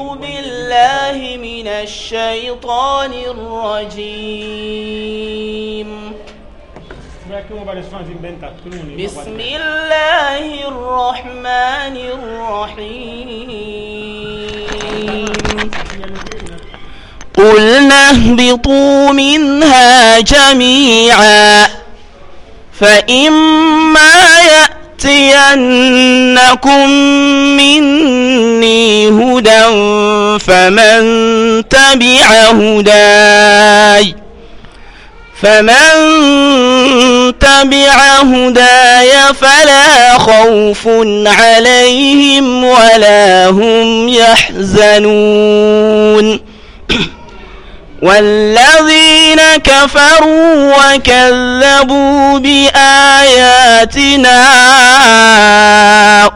أعوذ بالله من الشيطان الرجيم بسم الله الرحمن الرحيم قلنا اهبطوا منها جميعا فإما يأتي يأتينكم مني هدى فمن تبع هداي فمن تبع هداي فلا خوف عليهم ولا هم يحزنون والذين كفروا وكذبوا بآياتنا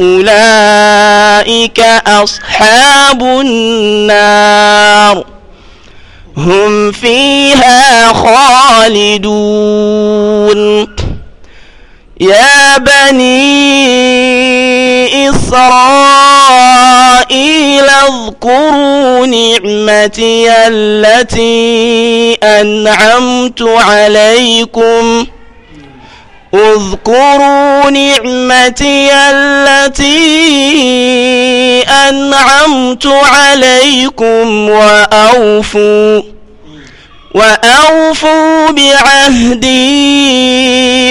أولئك أصحاب النار هم فيها خالدون يا بني إسرائيل واذكروا نعمتي التي أنعمت عليكم اذكروا نعمتي التي أنعمت عليكم وأوفوا وأوفوا بعهدي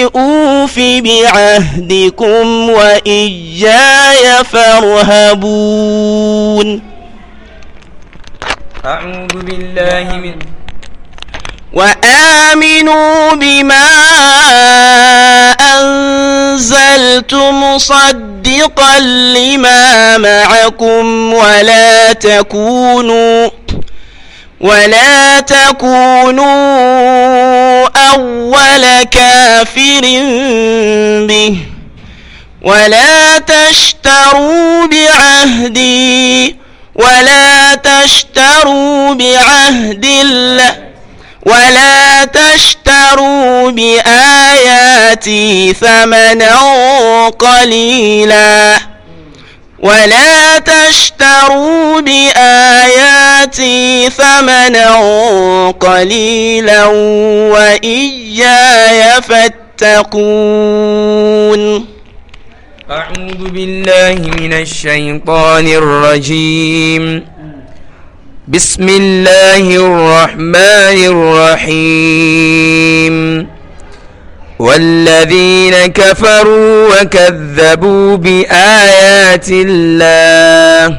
أوف بعهدكم وإياي فارهبون أعوذ بالله من وآمنوا بما أنزلت مصدقا لما معكم ولا تكونوا ولا تكونوا أول كافر به ولا تشتروا بعهدي ولا تشتروا بعهد الله ولا تشتروا بآياتي ثمنا قليلاً ولا تشتروا بآياتي ثمنا قليلا وإياي فاتقون أعوذ بالله من الشيطان الرجيم بسم الله الرحمن الرحيم والذين كفروا وكذبوا بآيات الله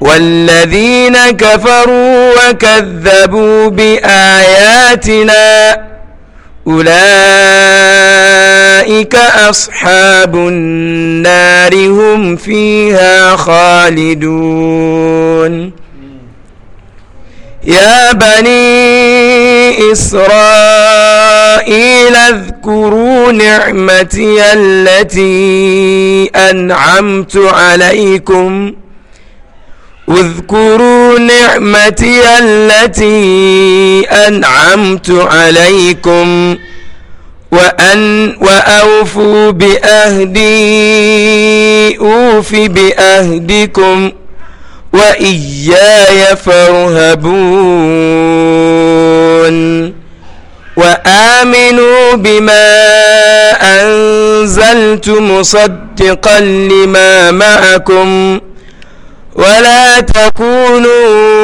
والذين كفروا وكذبوا بآياتنا أولئك أصحاب النار هم فيها خالدون يا بني إسرائيل اذكروا نعمتي التي أنعمت عليكم اذكروا نعمتي التي أنعمت عليكم وأن وأوفوا بأهدي أوف بأهدكم وإياي فارهبون وآمنوا بما أنزلت مصدقا لما معكم ولا تكونوا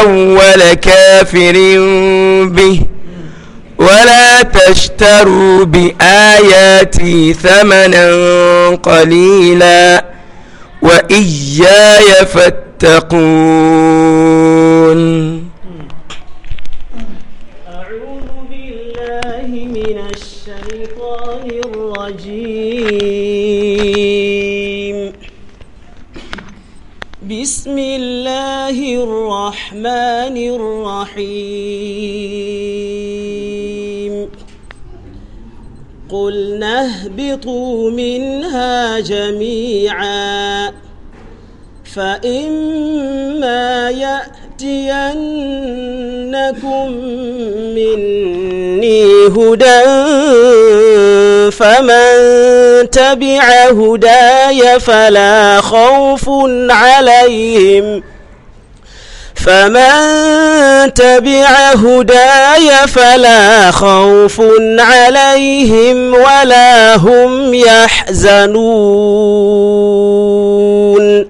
أول كافر به ولا تشتروا بآياتي ثمنا قليلاً وإياي فاتقون أعوذ بالله من الشيطان الرجيم بسم الله الرحمن الرحيم قلنا اهبطوا منها جميعا فإما يأتينكم مني هدى فمن تبع هداي فلا خوف عليهم فمن تبع هداي فلا خوف عليهم ولا هم يحزنون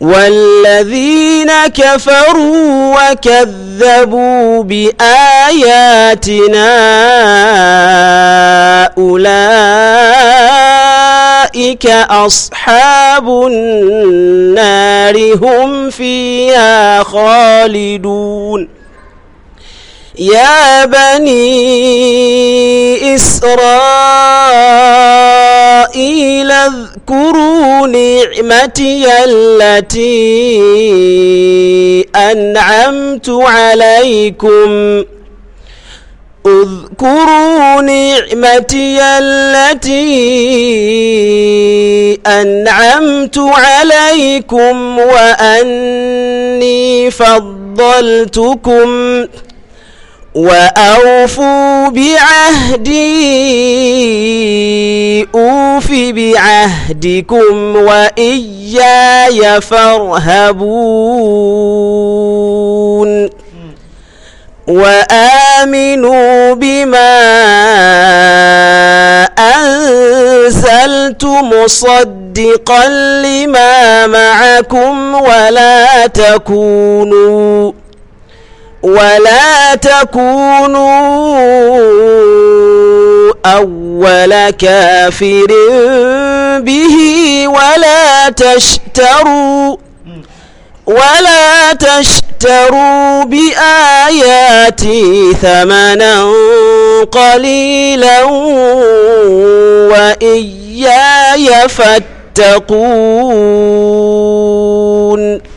والذين كفروا وكذبوا بآياتنا أولئك أولئك أصحاب النار هم فيها خالدون يا بني إسرائيل اذكروا نعمتي التي أنعمت عليكم اذكروا نعمتي التي أنعمت عليكم وأني فضلتكم وأوفوا بعهدي أوف بعهدكم وإياي فارهبون وآمنوا بما أنزلت مصدقا لما معكم ولا تكونوا ولا تكونوا أول كافر به ولا تشتروا ولا تشتروا اشتروا بآياتي ثمنا قليلا وإياي فاتقون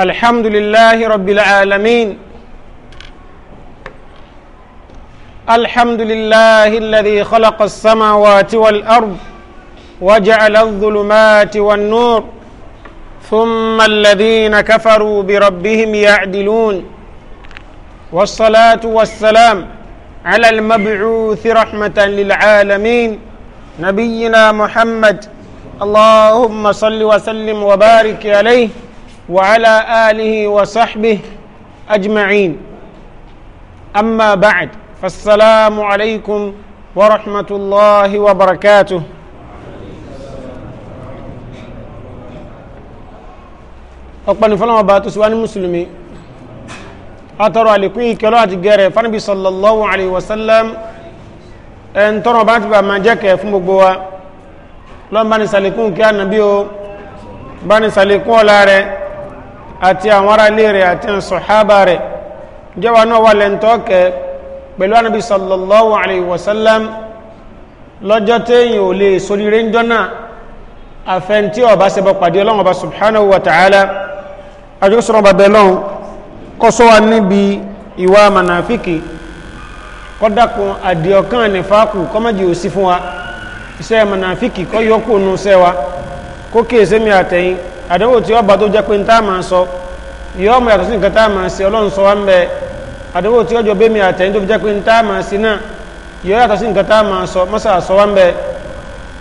الحمد لله رب العالمين الحمد لله الذي خلق السماوات والأرض وجعل الظلمات والنور ثم الذين كفروا بربهم يعدلون والصلاة والسلام على المبعوث رحمة للعالمين نبينا محمد اللهم صل وسلم وبارك عليه وعلى آله وصحبه أجمعين أما بعد فالسلام عليكم ورحمة الله وبركاته أقبل فلما باتوا سواني مسلمي أترى لكي كلوات جاري فنبي صلى الله عليه وسلم ẹn tọ́rọ bá ti bá máa jẹ́kẹ̀ fún gbogbo wa lọ́n bá ní sàlékún àti àwọn ará ilé rẹ̀ àti àwọn sọ̀hábà rẹ̀ jẹ́wà náà wà lẹ́ntọ́kẹ́ pẹ̀lú ànábì sallallahu alayhi wa sallam lọ́jọ́ téèyàn ò lè soríire ń jọ́nà àfẹ́ntí ọba ṣẹbọ pàdé ọlọ́run ọba subhanahu wa ta'ala àjọsọ́rọ̀ ọba bẹ̀lọ́run kọ́ sọ wa níbi àtẹ̀yìn àdánwò tí ọba tó jẹ́ pé ní tá a máa sọ yóò mọ yàtọ̀ sí nǹkan tá a máa ṣe ọlọ́run sọ wá ń bẹ àdánwò tí ọjọ́ bẹ́mi àtẹ̀yìn tó fi jẹ́ pé ní tá a máa náà yóò yàtọ̀ sí nǹkan tá a sọ mọ́sà sọ wá ń bẹ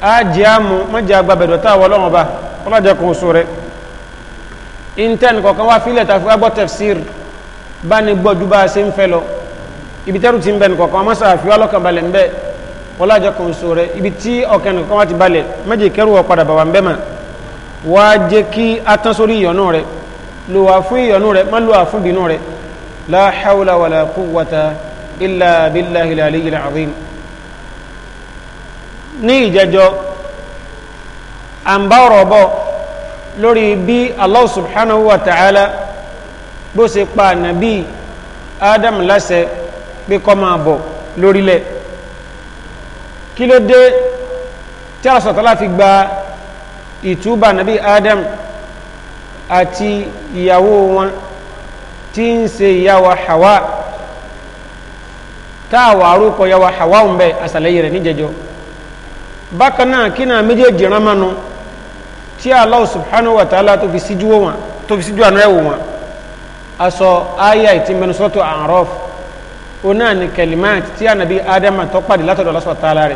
á jẹ́ àmú mọ́jà agbábẹ̀dọ̀ tá a wọ ọlọ́run ọba ọlọ́jà kan rẹ̀ intan kọ̀ọ̀kan wá fílẹ̀ tàfi wá gbọ́ tafsir bá ní gbọ́ ju bá a ṣe ń fẹ́ lọ ibi tẹ́rù ti ń bẹ̀ nìkọ̀ọ̀kan mọ́sà àfi wá lọ́kàn balẹ̀ ń bẹ́ ọlọ́jà kan tí ọ̀kẹ́ nìkan wá ti balẹ̀ mọ́jà ìkẹ́rù ọ̀ padà bàbá ń bẹ́ mọ́ wá jẹ́ kí a tán sórí ìyọnú rẹ̀ lò wá fún ìyọnú rẹ̀ má lò wá fún ìbínú rẹ̀ la hawla wala quwwata illa billahi aliyyil azim ní ìjẹjọ́ à lórí bí Allah ìtúbà nàbí adam àti ìyàwó wọn tí ń ṣe ìyàwó hawa táàwà arúkọ ìyàwó hawa ń bẹ àṣàlẹyìn rẹ níjẹjọ bákan náà kí náà méjèèjì rán mánu tí Allah subhanahu wa ta'ala tó fi síjú wọn tó fi síjú àná wọn aṣọ ayé àìtí mẹnusọ́tò A'raf onáà ní kẹlìmáàtì tí ànàbí adam tó pàdé látọ̀dọ̀ Allah subhanahu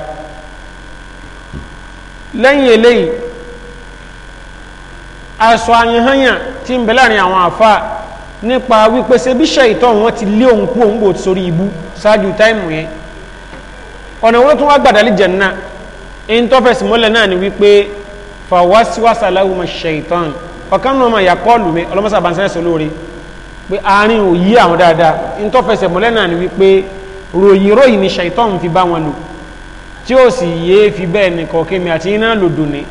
wa eléyìí aṣọ àyànhányà tí ń bẹ láàrin àwọn àfa nípa wípé ṣe bí ṣèyítọ́ wọn ti lé òun kú òun bò sórí ibú ṣáájú táìmù yẹn ọ̀nà wo ló tún wá gbàdálì jẹ̀nà ẹni tó fẹsẹ̀ mọ́lẹ̀ náà ni wípé fàwásíwásà láwùmọ̀ ṣèyítọ́n ọ̀kan náà mà yà kọ́ọ̀lù mi ọlọ́mọṣà bá ń lóore pé àárín òyí àwọn dáadáa ẹni tó fẹsẹ̀ mọ́lẹ̀ náà ni wípé ròyìn ròyìn ni ṣèyítọ́n fi bá wọn lò tí ó sì yéé fi bẹ́ẹ̀ nìkan kémi àti iná lòdò ni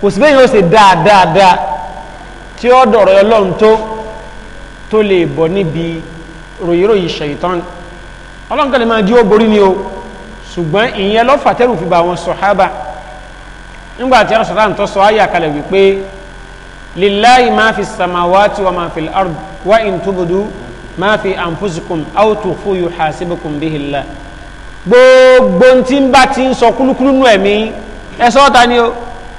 kò sí bẹ́yìn ó ṣe dáadáa tí ó dọ̀rọ̀ ọlọ́run tó tó lè bọ̀ níbi ròyìnròyìn ṣèyítán ọlọ́run kan lè máa jí ó borí ni o ṣùgbọ́n ìyẹn lọ́fà tẹ́rù fi bá wọn sọ̀hábà nígbà tí arásọ̀tà ń tọ́ sọ ayé àkàlẹ̀ wípé lillahi ma fi samawati wa ma fi al-ard wa in tubudu ma fi anfusikum aw tukhfu yuhasibukum gbogbo tí ń bá ti ń sọ kúlúkúlú nù ẹ̀mí ẹ sọ́ta ni o.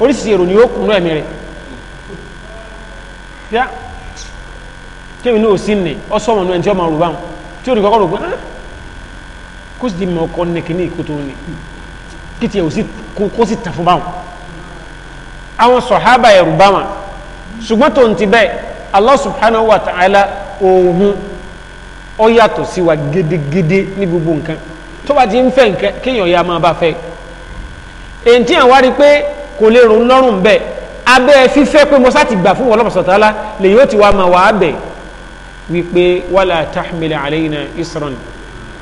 oríṣiríṣi èrò ni yóò kúnú ẹ̀mí rẹ̀ yá kémi ní òsín ni ọ sọmọ nù ẹni tí ọ máa rù báwọn tí ó ní kọ́kọ́ rò pé ah, kó sì di mọ ọkọ ní kíní ìkótó ni kí tiẹ̀ kó sì tà báwọn àwọn sọ̀hábà ẹ̀rù bá ṣùgbọ́n tó ń ti bẹ́ẹ̀ Allah subhanahu wa ta'ala òògùn ó yàtọ̀ sí wa gédégédé ní gbogbo nǹkan tó bá ti ya máa bá fẹ́ èyí kò lè rún lọ́rùn bẹ́ẹ̀ abẹ́ fífẹ́ pé mo sáti gbà fún ọlọ́pàá sọ̀tàlá lè yóò ti wá máa wà á bẹ̀ wípé wàlá tahmila alayna isran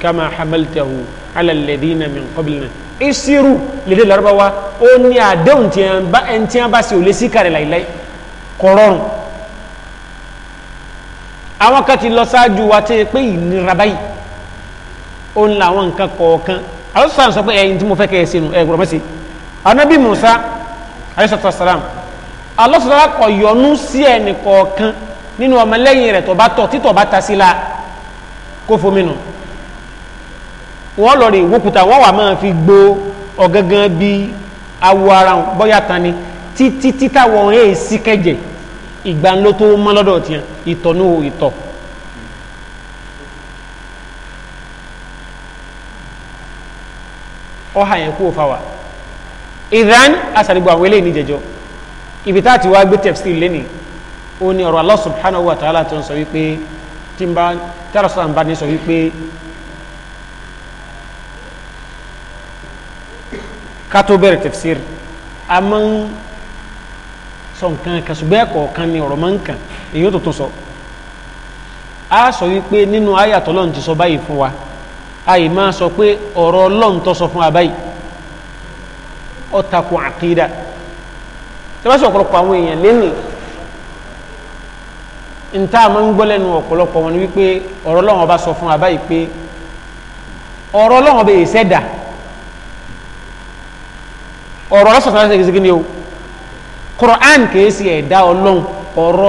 kama hamaltahu ala alladhina min qablina isiru lédè larabawa ó ní àdéhùn tí wọ́n bá ṣe ò lè sí kàrẹ̀ láìláì kọ̀rọ̀rùn àwọn kan ti lọ ṣáájú wa tẹ́ pé ìnira báyìí ó ń la àwọn nǹkan kọ̀ọ̀kan àwọn sọ̀rọ̀ sọ pé ẹ̀yin tí mo fẹ́ kẹ́ ẹ ṣe nù gbọ́dọ̀ mọ́ anabi musa alayisalaatu wasalaam alọ́sọ̀tàlá kọ̀ yọnu sí ẹnì kọ̀ọ̀kan nínú ọmọlẹ́yìn rẹ̀ tọ́ba tọ̀ títọ̀ bá ta sí la kó fomi nù wọ́n lọ rè wókùtà wọ́n wà máa fi gbó ọ̀gángan bí awọ ara wọn bọ́yá tán ni títí títà wọn èè sí kẹ̀jẹ̀ ìgbà ńlọ tó mọ́ lọ́dọ̀ tiẹ̀ ìtọ̀nù ìtọ̀. ọ̀hà yẹn kú òfa wa ìdán asàdìgbò àwọn eléyìí níjẹjọ ibi tá a ti wá gbé tafsir lẹ́ni ó ní ọ̀rọ̀ Allah subhanahu wa ta'ala tó ń sọ wípé tí n bá tára sọ̀rọ̀ nbá ní sọ wípé kátó bẹ̀rẹ̀ tafsir a máa ń sọ nǹkan kan ṣùgbọ́n ni ọ̀rọ̀ máa ń kàn èyí tó tún sọ a sọ wípé nínú ayàtọ̀ lọ́n ti sọ báyìí fún wa a yìí máa sọ pé ọ̀rọ̀ lọ́n tó sọ fún wa báyìí ọ̀tàkùn àkìdá tẹ́lẹ̀sì ọ̀pọ̀lọpọ̀ àwọn èèyàn lẹ́nu níta máa ń gbọ́ lẹ́nu ọ̀pọ̀lọpọ̀ wọn ni wípé ọ̀rọ̀ Ọlọ́run bá sọ fún wa báyìí pé ọ̀rọ̀ Ọlọ́run bẹ̀ ìṣẹ̀dá ọ̀rọ̀ ọlọ́sọ̀tàn láti ṣe gíní o Qur'an kìí ṣe ẹ̀dá Ọlọ́run ọ̀rọ̀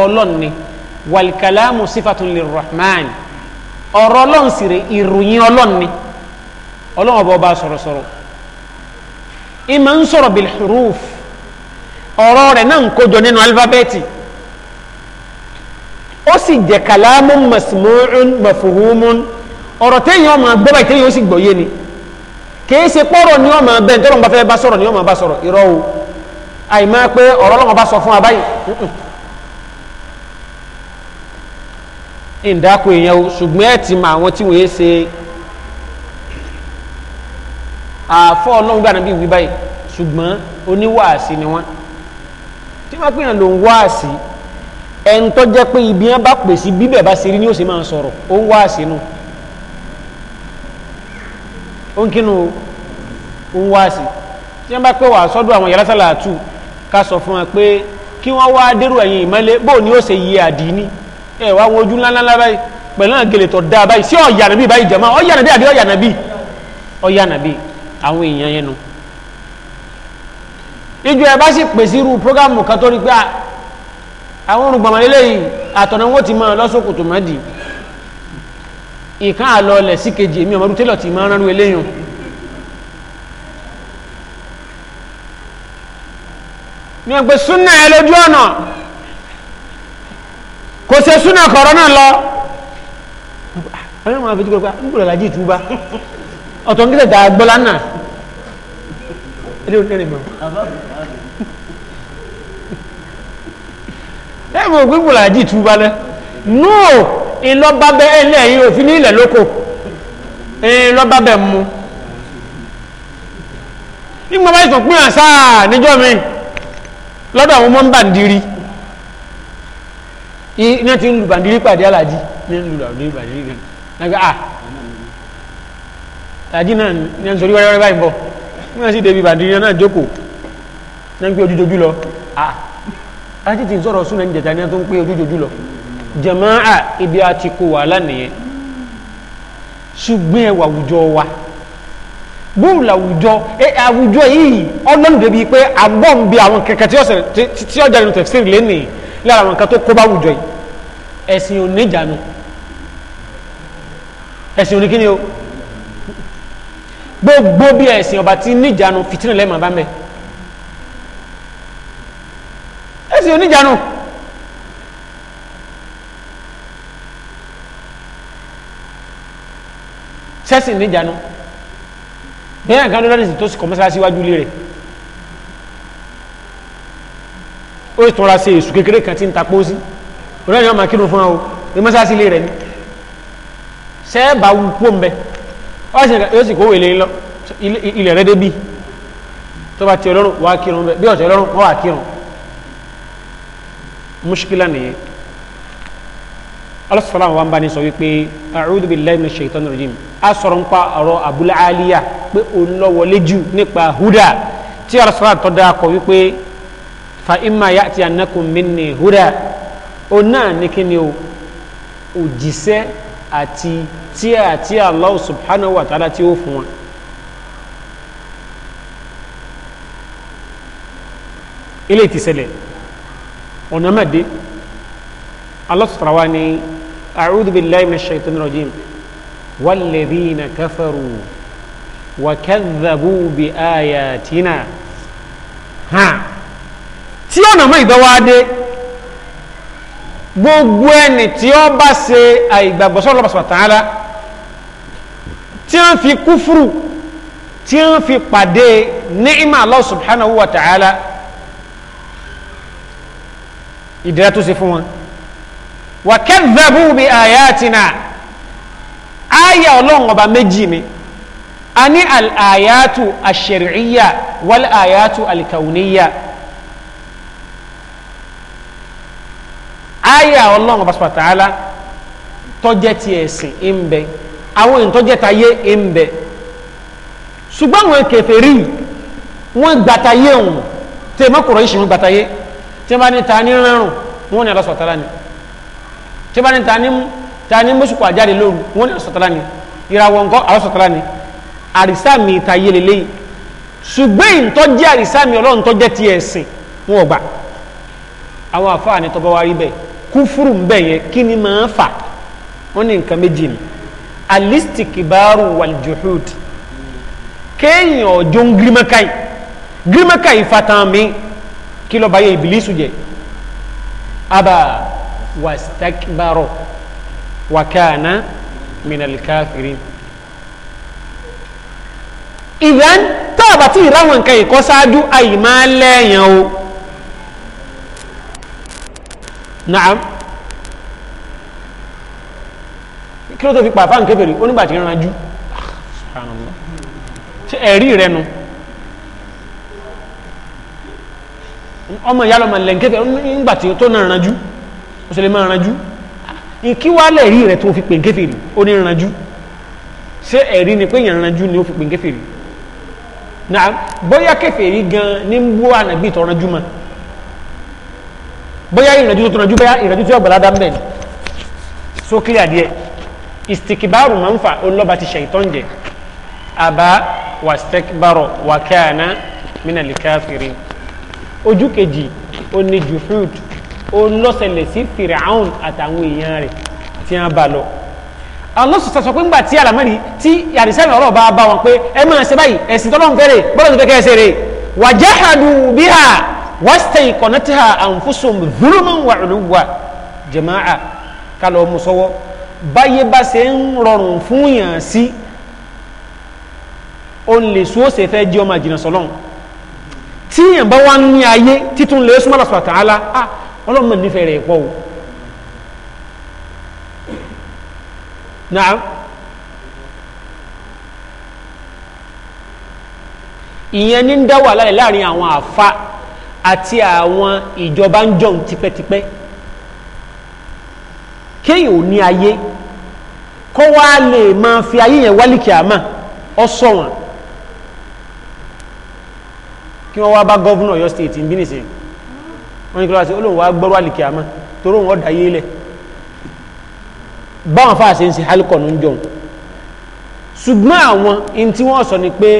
Ọlọ́run ni wàlìkàlámù sífàtún lirrahman ọ̀rọ̀ Ọlọ́run sì rè ìròyìn Ọlọ́run ni Ọlọ́run ọba ọba sọ̀rọ̀sọ̀rọ̀ ìmọ̀ ń sọ̀rọ̀ bil huruf ọ̀rọ̀ rẹ̀ náà ń kójọ nínú alifábẹ́ẹ̀tì ó sì jẹ́ kàlámù masmu'un mafuhumun ọ̀rọ̀ téèyàn ọmọ gbọ́bà téèyàn ó sì gbọ́yé ni kìí ṣe pọ́rọ̀ ni ọmọ bẹ́ẹ̀ tọ́lọ́ bá fẹ́ bá sọ̀rọ̀ ni ọmọ bá sọ̀rọ̀ irọ́ o àìmọ́ pé ọ̀rọ̀ ọlọ́mọ bá sọ fún wa báyìí ìdáko èèyàn o ṣùgbọ́n ẹ̀ ti mọ àwọn tí wọ́n ṣe àfọ ọlọ́run gbà níbi ìwí báyìí ṣùgbọ́n oníwàásí ni wọ́n tí wọ́n pèèyàn ló ń wáàsí ẹni tó jẹ́ pé ibi yẹn bá pèsè bíbẹ̀ bá ṣe rí ni ó sì máa ń sọ̀rọ̀ ó ń wáàsí nù ó ń kínú ó ń wáàsí tí wọ́n bá pè wá sọ́dọ̀ àwọn yàrá sàlàtù ká sọ fún wa pé kí wọ́n wá dérò ẹ̀yìn ìmọ́lẹ̀ bó ni ó ṣe yí àdínní ẹ̀ wá wọn ojú ńláńlá báyìí pẹ̀lú àgèlè tó dáa báyìí sí ọ̀yà nàbí báyìí jẹ̀mọ́ ọ̀yà àbí ọ̀yà nàbí àwọn èèyàn yẹn nu ìjọ ẹ bá sì pèsè irú programu kan tó rí pé àwọn olùgbọ̀mọ̀ lélẹ́yìn àtọ̀nà wọn ti máa lọ́sọ̀kòtò má dì ìkan àlọ́ọ̀lẹ̀ sí kejì èmi ọmọdún tẹ́lọ̀ ti máa ránú eléyìn ní ọgbẹ́ súnà ẹ lójú ọ̀nà kò ṣe súnà kọ̀rọ̀ náà lọ àwọn ọmọ àfẹ́jú kọ̀rọ̀ pé ń gbọ́dọ̀ lájí ìtúbá ọ̀tọ̀ ń gílẹ̀ dáa gbọ́lá náà ilé onírìn mọ́ ẹ mọ̀ gbígbò làájì túbá lẹ́ nù ìlọ́bàbẹ́ ẹlẹ́ yìí òfin ní ilẹ̀ lóko ìlọ́bàbẹ́ mu nígbà báyìí tó pín àṣà níjọ́ mi lọ́dọ̀ àwọn ọmọ ń bàǹdìrí iná ti ń lu bàǹdìrí pàdé aláàjì ní ń lu bàǹdìrí pàdé aláàjì àjí náà ní ẹn sọ wẹ́rẹ́wẹ́rẹ́ báyìí bọ̀ wọ́n sì débi bàdìrí náà jókòó náà ń pé ojújojú lọ àti tí ń sọ̀rọ̀ súnà ní jẹ̀jà ní ẹn tó ń pé ojújojú lọ jàmáà ibi a ti kó wàhálà nìyẹn ṣùgbọ́n ẹwà àwùjọ wa bóun làwùjọ àwùjọ yìí ọlọ́run débi pé àgbọ̀n bí àwọn kẹ̀kẹ́ tí ọjà nínú tẹ̀síìrì lẹ́nìí lára àwọn nǹkan tó kó bá àwùjọ yìí ẹ̀sìn oníjànú ẹ̀sìn oníkíni o gbogbo bí ẹ̀sìn ọba ti níjànú fìtínà lẹ́mọ̀ bá mẹ́ ẹ̀sìn oníjànú sẹ́sìn níjànú bẹ́ẹ̀ nǹkan tó lọ́dún sí tó sì kọ́ mọ́sálásí iwájú ilé rẹ̀ ó sì tọ́ra sí èsù kékeré kan tí ń ta pósí òun náà ni wọ́n máa kírun fún wa o ní mọ́sálásí ilé rẹ̀ ni sẹ́ẹ̀ bá wù kú ọ̀sẹ̀ yóò sì kówó ilé lọ ilẹ̀ rẹ débi tó bá ti ọlọ́run wá kírun bẹ́ẹ̀ bí ọ̀sẹ̀ ọlọ́run wọ́n wá kírun mushkila nìyẹn alasọ́lá wa ń bá ní sọ wípé a'udhu billahi minash shaitanir rajim a sọ̀rọ̀ nípa ọ̀rọ̀ abul aliya pé òun lọ wọlé nípa huda tí alasọ́lá tó dáa kọ wípé fa imma ya'tiyannakum minni huda òun náà ní kí ni o òjíṣẹ́ àti tí àti Allah subhanahu wa ta'ala tí ó fún wọn. ilé ìtìsẹ̀lẹ̀ ọ̀nà mẹ́de Allah subhanahu wa ni a'udhu billahi minash shaitanir rajim والذين كفروا وكذبوا بآياتنا ها تيانا ما يبوادي gbogbo ẹni tí ó bá ṣe àìgbàgbọ́ sọ́rọ̀ lọ́pàá sọ̀tàálá tí wọ́n fi kúfúrù tí wọ́n fi pàdé ni'ima Allah subhanahu wa ta'ala ìdíra tó ṣe fún wọn wa kadhabu bi ayatina aya ọlọ́run ọba méjì ni a ní al-ayatu ash-shar'iyya wal-ayatu al-kawniyya. al ayatu ash shariyya wal àyà ọlọ́run ọba sọ̀tà àlà tọ́jẹ́ ti ẹ̀sìn ń bẹ àwọn ìtọ́jẹ́ ta yé ń bẹ ṣùgbọ́n àwọn kèfèrí wọ́n gbàtà yé òun tèmọ́kùrọ̀ yìí ṣùgbọ́n gbàtà yé tí wọ́n bá ní ta ní rẹ́rùn wọ́n ní ọlọ́sọ̀tà àlà ni tí wọ́n bá ní ta ní ta ní mọ́sùkù àjáde lóru wọ́n ní ọlọ́sọ̀tà àlà ni ìràwọ̀ nǹkan ọlọ́sọ̀tà àlà ni àrísà mi ta yé lélẹ́yìí ṣùgbọ́n ìtọ́jẹ́ àrísà mi ọlọ́run tọ́jẹ́ ti ẹ̀sìn wọn gbà àwọn àfáà ni tọ́bọ̀ wá rí bẹ́ẹ̀ kúfúrú nbẹ yẹn kí ni máa fà wọn ní nǹkan méjì ni alistikibaru waljuhud kéèyàn ọjọ́ ń gírímẹ́káì gírímẹ́káì fatan mi kí lọ́ọ́ báyẹ̀ ìbílísù jẹ́ abba wastakbaro wakana minalkafirin ìyá ń tàbátì ìráwọn nǹkan ìkọ́ sáájú àyè o naam kí ló tó fi pàfà ń kébèrè ó nígbà tí ń ranjú ṣe ẹ̀rí rẹ nu ọmọ ìyá lọmọ ilẹ̀ nkẹfẹ nígbà tí tó náà ranjú ó sì lè máa ranjú kí wàá lẹ̀rí rẹ tó fi pè nkẹfẹ rí ó ní ranjú ṣe ẹ̀rí ni pé yẹn ranjú ni ó fi pè nkẹfẹ rí naam bóyá kẹfẹ rí gan ní bó ànàbí ìtọ́ranjú mọ́ bóyá ìrìnàjò tó tọ̀nàjú bóyá ìrìnàjò tí ọ̀gbọ̀n ládàá mbẹ́ ni so clear díẹ̀ istikibaru máa ń fa olóba ti ṣèyítọ́n jẹ àbá wastakbaro wakana minal kafirin ojú kejì oní juhud olóṣèlè sí firaun àtàwọn èèyàn rẹ̀ tí wọ́n bá lọ alonso sọ pé ńgbà tí alamari tí àdìsẹ́ni ọ̀rọ̀ bá bá wọn pé ẹ máa ṣe báyìí ẹ̀sìn tọ́lọ́ ń fẹ́rẹ̀ bọ́lá ń fẹ́ kẹ́ ẹ ṣe rè wàjáhàdù bíhà wastaiqanatha anfusuhum dhuluman wa uluwa jamaa kálọ̀ musowo báyé bá ṣe ń rọrùn fún yàn sí o lè so ó ṣe fẹ́ jẹ́ ọmọ ìjìnà sọlọ́n tí yàn bá wá ní ayé títún lè súnmọ́ lọ́sọ̀ àtàlá ah ọlọ́mọ nífẹ̀ẹ́ rẹ̀ o náà ìyẹn ní ń dá wà láàrin àwọn àfa àti àwọn ìjọba ń jọun tipẹ́tipẹ́ kéèyàn ò ní ayé kó wá lè máa fi ayé yẹn wálìkì àmà ọsọ wọn kí wọ́n wá bá gọ́vùnà Ọ̀yọ́ state ń bí nìsín wọ́n ní kí wọ́n wá sí olóhùn wá gbọ́rọ̀ àlìkì àmà torí òun ọ̀dà yé lẹ̀ báwọn fáà ṣe ń ṣe hálùkọ̀ ló jọun ṣùgbọ́n àwọn in tí wọ́n sọ ni pé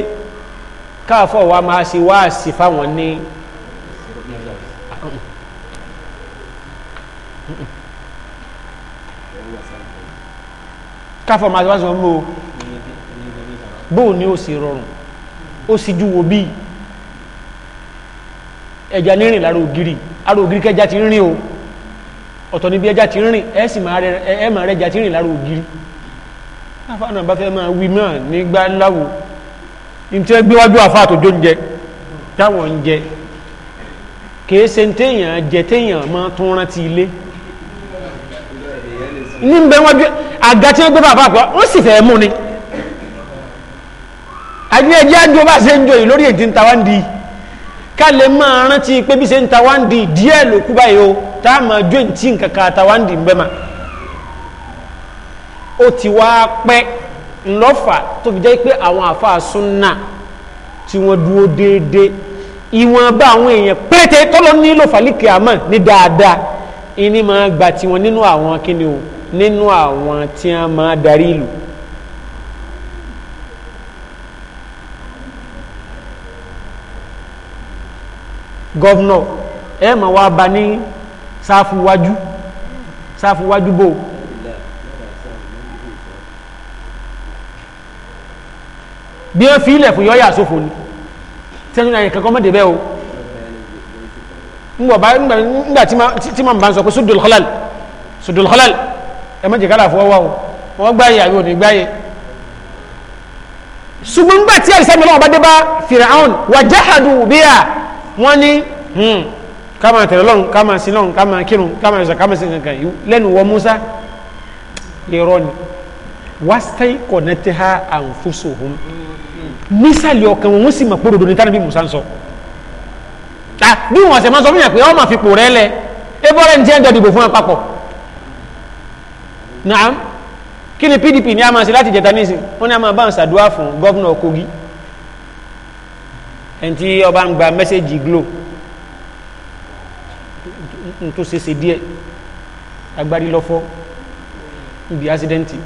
káàfọ̀ wa máa ṣe wáàsí fáwọn ní káfọ́ máa wá sọ mọ́ o bóò ni ó sì rọrùn ó sì ju wo bíi ẹja nírìn lára ògiri ara ògiri kẹja ti rìn o ọ̀tọ̀ níbi ẹja ti rìn ẹ sì máa rẹ ẹ máa rẹ ẹja ti rìn lára ògiri káfọ́ bá fẹ́ máa wí náà nígbà ńláwo ntí ẹ gbéwájú àfa àtòjó ń jẹ táwọn ń jẹ kèé se téèyàn jẹ téèyàn máa tún rántí ilé ní bẹ́ẹ̀ wọ́n ju àga tí wọ́n gbé bàbá àpò wọ́n sì fẹ́ mú ni àti ẹjẹ́ àjò bá ṣe ń jọ yìí lórí èdè ń ta wá ń di ká lè máa rántí pé bí ṣe ń ta wá ń di díẹ̀ ló kú báyìí o tá a máa jó ìtì nǹkan kan ta wá ń di ń bẹ́ ma ó ti wá pẹ́ ńlọ́fà tó fi jẹ́ pé àwọn àfáà súnà tí wọ́n dúró déédéé ìwọ̀nba àwọn èèyàn péréte tọ́lọ́ nílò fàlíkì àmọ́ ní dáadáa ìní máa gbà tiwọn nínú àwọn kíni o nínú àwọn tí wọ́n máa darí ìlú gọ́vnọ̀ ẹ máa wá bá ní sáfúwájú sáfúwájú bò bí wọ́n fi ilẹ̀ fún yọ́yà sófò ni tẹ́jú náà kankan mọ́ débẹ́ o ngbà tí ma ń bá ń sọ pé sódòlù kọ́lá sódòlù kọ́lá ẹ má jẹ́ kálà fún ọwọ́ o wọ́n gbáyé àbí òní gbáyé ṣùgbọ́n gbà tí àìsàn mìíràn ọba dé bá Fir'aun wa jahadu biha wọ́n ní hmm, ká máa tẹ̀lé lọ́n ká máa sin lọ́n ká máa kírun ká máa ṣàkà máa sin kankan yìí lẹ́nu wọ Musa irọ́ ni wastaiqonataha anfusuhum nísàlẹ̀ ọkàn wọn sì mọ̀ pé òdodo ní tánàbí Musa ń sọ ah, bí wọn sì máa sọ fún yàn pé ọmọ àfipò rẹ lẹ ebọ́rẹ́ ní tí ẹ̀ ń dọ̀ dìbò fún apapọ̀ naam kí ni pdp ní a máa ṣe láti jẹta nísìn wọn ní a máa bá ń ṣàdúrà fún gọ́vnà kogi ẹni tí ọba ń gba mẹ́sẹ̀gì glo n tó ṣe ṣe díẹ̀ agbárí lọ́fọ́ níbi ásídẹ́ǹtì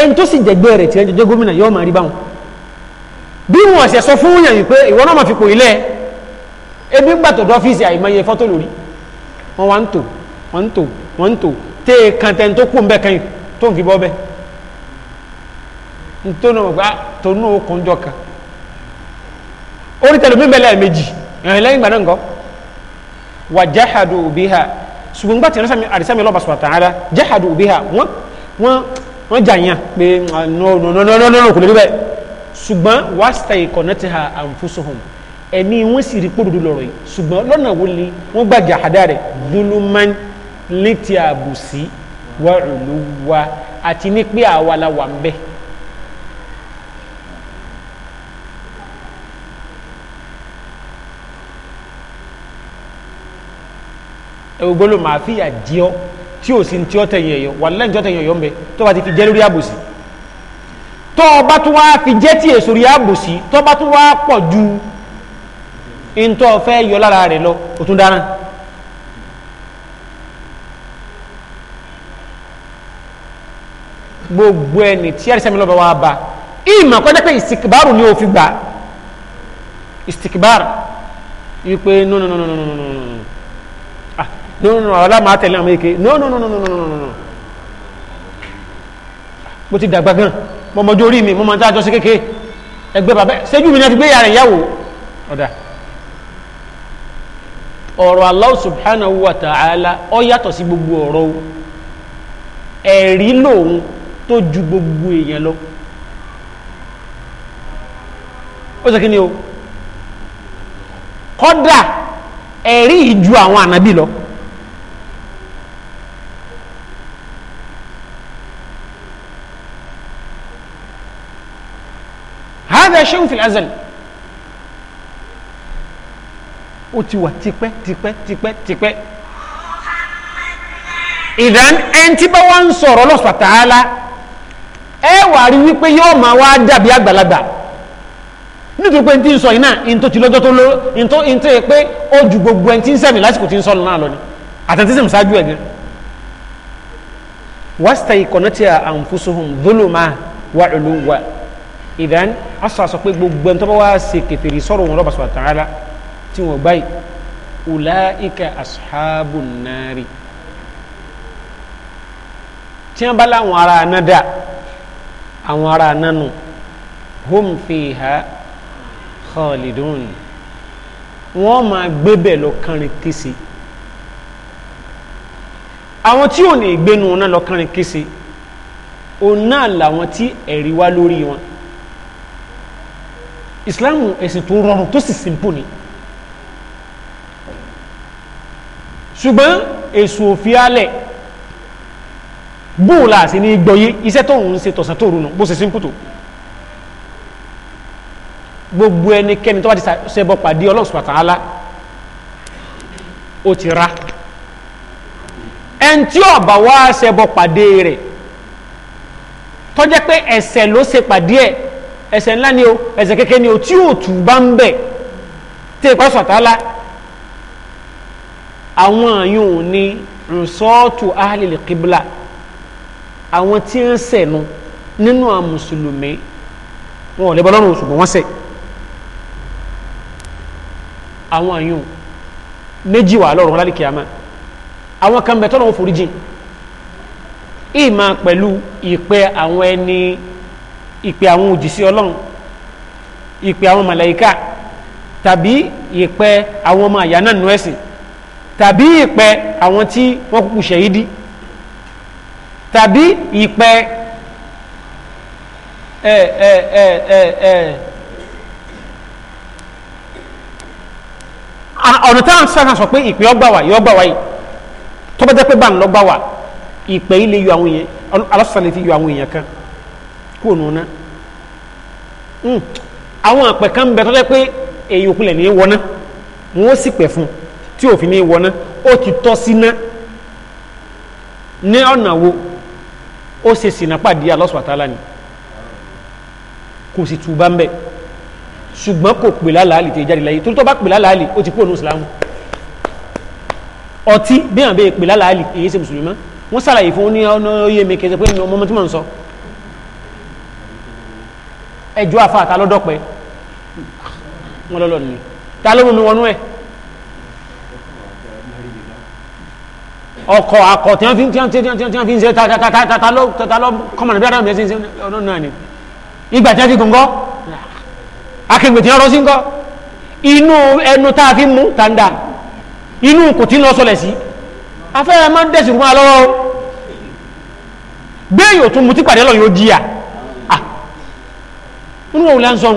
ẹni tó sì jẹgbẹ́ rẹ̀ tí gómìnà yóò máa rí báwọn bí wọn ṣe sọ fún yàn wípé ìwọ náà máa fi pò ilẹ̀ ebi gbà tó dọ́fíìsì àìmọye fọ́tò lórí wọn wá ń tò wọn ń tò wọn ń tò tẹ e kan tẹni tó kù ń bẹ kan yìí tó ń fi bọ́ bẹ́ nítorí wọn gbà tó nù okùn ah, kan orí tẹlifí bẹ́ẹ̀ lẹ́ẹ̀mejì ẹ̀rìn lẹ́yìn ìgbà náà nǹkan wà jáhàdù biha ṣùgbọ́n gbà tí àrísàmì ọlọ́ba sọ̀rọ̀ tàn án rá jáhàdù biha wọ́n wọ́n wọ́n jàyàn pé ah, nọ́ọ̀nù kò lè rí bẹ́ẹ̀ ṣùgbọ́n wàásítà ikọ̀ náà ti ha àǹfóṣohùn ẹ̀mí wọn sì rí kódodo lọ́rọ̀ yìí ṣùgbọ́n lọ́nà wo ni wọ́n gbàgbé àdá rẹ̀ dúlúmán létí àbùsí wà òlú wa àti ní pé àwa la wà ń bẹ. ẹ̀wọ̀n gbọ́dọ̀ màá fìyà jẹ́ ọ tí ò sí ní tí ọ tẹ̀yìn ẹ̀yọ wà lẹ́yìn tí ọ tẹ̀yìn ẹ̀yọ ń bẹ tó bá ti fi jẹ́ lórí àbùsí tó bá tún wá fi jẹ́ tí èso rí àbòsí tó bá tún wá pọ̀ ju ntọ́ fẹ́ yọ lára rẹ̀ lọ ó tún dáná. gbogbo ẹni tí àrísàmì lọ́ba wa bá ìmọ̀ kọjá pé ìsìkìbárù ni ó fi gbà ìsìkìbárù yìí pé no no no no no no no ah no no no ọ̀la máa tẹ̀lé àwọn èké no no no no no no no no mo ti dàgbà gan-an mọmọjọ orí mi mọmọ tájọ sí kékeré ẹgbẹ́ bàbá ṣẹ́jú mi náà fi gbé yàrá ìyàwó ọ̀dà ọ̀rọ̀ Allah subhanahu wa ta'ala ọ yàtọ̀ sí gbogbo ọ̀rọ̀ o ẹ̀rí lòun tó ju gbogbo èèyàn lọ ó ṣe kí ni o kọ́dà ẹ̀rí ìju àwọn ànábì lọ hádà ṣéun fìlà azal ó ti wà tipẹ́ tipẹ́ tipẹ́ tipẹ́ ìdán ẹni tí bá wá ń sọ̀rọ̀ lọ́sọ̀ tààlà ẹ wà rí wípé yóò máa wá dàbí àgbàlagbà nítorí pé n ti ń sọ yìí náà n tó ti lọ́jọ́ tó ló n tó n tó yẹ pé ó ju gbogbo ẹni tí ń sẹ̀mí lásìkò tí ń sọ̀rọ̀ náà lọ àtẹ̀tí sì ń ṣáájú ẹ̀ gan. wàá sítẹ̀ ìkọ̀nà a àǹfóso hùn dólò máa wà ìlú wa ìdán aṣọ àṣọ pé gbogbo ẹni tó bá wá ṣe kèfèrí sọ̀rọ̀ wọn lọ́bàṣọ àtàrà tí wọ́n gbáyì ulaika ashabun nari tí wọ́n bá láwọn ará anádà àwọn ará anánu hum fiha wọ́n máa gbébẹ̀ lọ kánrin àwọn tí ò ní gbénu náà lọ kánrin kése làwọn tí ẹ̀rí wá lórí wọn islam ẹ̀sìn tó rọrùn tó sì simple ni ṣùgbọ́n èso òfin alẹ̀ bóòlà àti ní gbọ́yé iṣẹ́ tó ń ṣe tọ̀sán tó rùnà bó ṣe simple tó gbogbo ẹnikẹ́ni tó bá ti ṣẹbọ pàdé Ọlọ́run Subhanahu ó ti ra ẹn tí ọba wá ṣẹbọ pàdé rẹ̀ tọ́jẹ́ pé ẹ̀ṣẹ̀ ló ṣe pàdé ẹ̀ ẹ̀ṣẹ̀ ńlá ni o ẹ̀ṣẹ̀ kékeré ni o tí yóò tù bá ń bẹ̀ tẹ́ ìpá sọ̀tàlá àwọn àyùn ní rìsọ́ọ̀tù ahlil qibla àwọn tí ń sẹ̀nu nínú àwọn mùsùlùmí wọn ò lè bọ́ lọ́rùn ṣùgbọ́n wọ́n ṣẹ̀ àwọn àyùn méjì wà lọ́rùn lálẹ́ kìámà àwọn kan bẹ̀ tọ́lọ́wọ́ foríjì ìmà pẹ̀lú ìpẹ́ àwọn ẹni ìpè àwọn òjìṣẹ́ ọlọ́run ìpè àwọn màláíkà tàbí ìpè àwọn ọmọ àyà náà nù ẹ̀sìn tàbí ìpè àwọn tí wọ́n kúkú ṣẹ̀yídì tàbí ìpè ẹ ẹ ẹ ẹ ẹ ọ̀nà táwọn sáà sọ pé ìpè ọgbà wà yọ ọgbà wà yìí tó bá jẹ́ pé bá wà ìpè yìí lè yọ àwọn èèyàn alásùsàn lè fi yọ àwọn èèyàn kan kúrò nù ná hmm. àwọn àpẹ kan bẹ tọ́jọ́ pé èyí òkulẹ̀ ní wọná wọn ó sì pẹ̀ fún tí òfin ní wọná ó ti tọ́ sí ná ní ọ̀nà wo ó ṣe sì nápàdé Allah subhanahu wa ta'ala ni kò sì túbá ń bẹ̀ ṣùgbọ́n kò pè lálàálì tó jáde láyé tó tó bá pè lálàálì ó ti kúrò ní ìsìlámù ọtí bí àwọn bẹ́ẹ̀ pè lálàálì èyí ṣe mùsùlùmí wọ́n sàlàyé fún ní ọ̀nà oyè mi kẹsẹ̀ pé ọmọ tí mò ń sọ ẹjọ́ afa ta lọ́dọ̀pẹ́ wọn lọ́lọ́ ni ta ló mú mi wọnú ẹ̀ ọkọ̀ akọ̀ tí wọ́n fi ń ṣe ta lọ́ kọ́mọ̀nà bí adáwọ̀ bí ẹ̀ṣin ọdún náà ni ìgbà tí wọ́n fi gùn gọ́ akéwì tí wọ́n rọ́ sí gọ́ inú ẹnu tá a fi mú tàǹdà inú kò tí ń lọ sọlẹ̀ sí afẹ́rẹ́ máa ń dẹ̀sùn fún wa lọ́wọ́ bẹ́ẹ̀ yóò tún mutí pàdé lọ yóò jìyà nínú òun lẹ́nsọ́n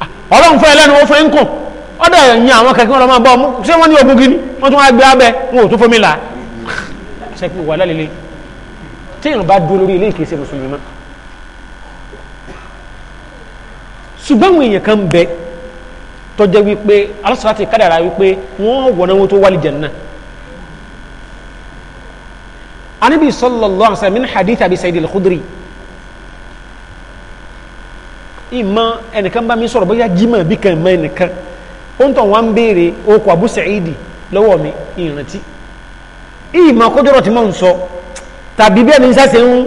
ah, ọlọ́run fẹ́ lẹ́nu ó fẹ́ ń kò ọ̀dọ̀ ẹ̀yìn àwọn kẹ̀kẹ́ ọlọ́mọ bọ́ ṣé wọ́n ní ogun gini wọ́n tún wá gbé abẹ wọn ò tó fomi là ṣe pé wà lálẹ́lẹ́ tí èèyàn bá dúró lórí ilé ìkẹsẹ̀ mùsùlùmí mọ́ ṣùgbọ́n àwọn èèyàn kan ń bẹ tọ́jẹ́ wípé alásùlá ti kádàrà wípé wọ́n wọ̀nà wọn tó wà lìjẹ̀ náà anábì sallallahu alaihi wasallam min hadith abi Sa'id ìmọ̀ ẹnìkan bá mi sọ̀rọ̀ bóyá jimá bí kan mọ̀ ẹnìkan ó ń tàn wá ń béèrè okò Abu Sa'idi lọ́wọ́ mi ìrántí ìmọ̀ kójọ́rọ̀ tí mò ń sọ tàbí bí ẹni ń sáṣẹ ń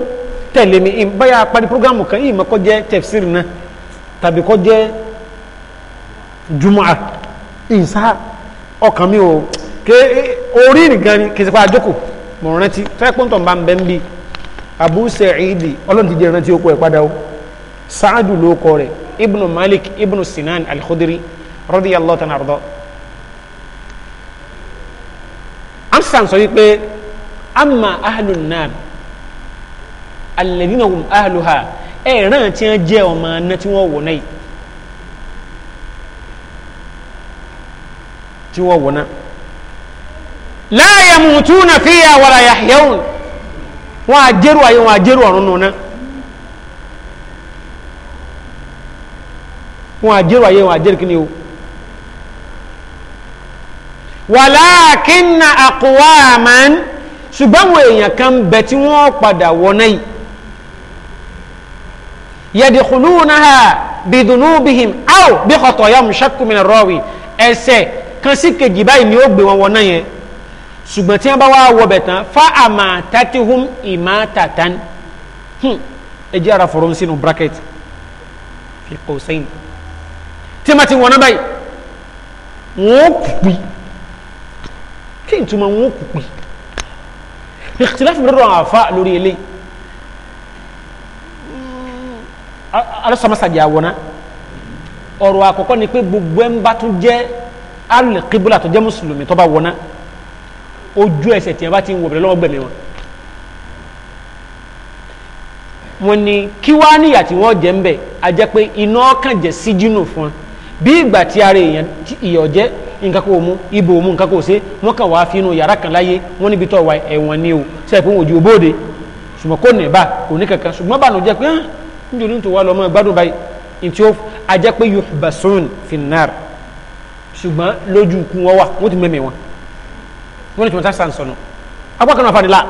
tẹ̀lé mi bóyá parí programu kan ìmọ̀ kó jẹ́ tafsir náà tàbí kó jẹ́ jumu'a ìsá ọkàn mi ò ké orí nìkan ni kìsìkò àjókò mọ̀ rántí fẹ́ pọ́ńtọ̀ bá ń bẹ́ ń bí Abu Sa'idi ọlọ́run ti jẹ́ rántí okò ẹ̀ padà o saadu ló kọ ibnu malik ibnu sinan alikhudiri radiyallahu ta'ala arda amsan sọ wípé ama ahlu nar alladhina hum ahluha ẹ ràn tí wọn jẹ ọmọ aná tí wọn wọ náà tí wọn wọ náà la yamutuna fiha wala yahyawun wọn àjẹrù ayé wọn àjẹrù ọ̀run wọn àjẹrò ayé wọn àjẹrò kíni o wàláàkínà àkùwàmán ṣùgbọ́n àwọn èèyàn kan bẹ tí wọ́n padà wọ̀nà yìí yẹ̀dìkùlùnáhà bìdùnúbìhìm áò bí kọ̀tọ̀yàm ṣẹ́kùmìnà rọ̀wì ẹsẹ̀ kan sí kejì báyìí ni ó gbé wọn wọ̀nà yẹn ṣùgbọ́n tí wọ́n bá wá wọbẹ̀ tán fa àmà tàtìhùm ìmá tàtàn hmm. ẹ jẹ́ ara fọ̀rọ̀ sínú bracket fi kò sẹ́yìn tí ma ti wọ̀n náà báyìí wọ́n kùpì kí n túmọ̀ wọ́n kùpì ìkìtìláfì mi rọrùn àfa lórí eléyìí alásọmọsàjì àwọ̀ná ọ̀rọ̀ àkọ́kọ́ ni pé gbogbo ẹ̀ ń bá tún jẹ́ alìkíbùlà tó jẹ́ mùsùlùmí tó bá wọ̀ná ojú ẹsẹ̀ tí wọ́n bá ti ń wọ̀ bẹ̀rẹ̀ lọ́wọ́ gbẹ̀mí wọn. wọ́n ní kí wàá níyà tí wọ́n jẹ́ ń bẹ̀ a pé iná kàn jẹ́ síjínù fún wọn bí ìgbà tí ara èèyàn ìyọ̀jẹ́ nǹkan kò mú ibò mú nǹkan kò ṣe wọ́n kàn wá fínú yàrá kan láyé wọ́n níbi tó wà ẹ̀wọ̀n ni o ṣe é pé wọn ò ju òbóde ṣùgbọ́n kò ní bá kò ní kankan ṣùgbọ́n bá nùjẹ́ pé nítorí tó wà lọ́mọ gbádùn báyìí ntí ó ajẹ́ pé yuhbasun finnar ṣùgbọ́n lójú ikú wọn wà wọ́n ti mẹ́mẹ́ wọn wọ́n ti mọ̀ sáà sànsọ̀nù apá kan náà fani la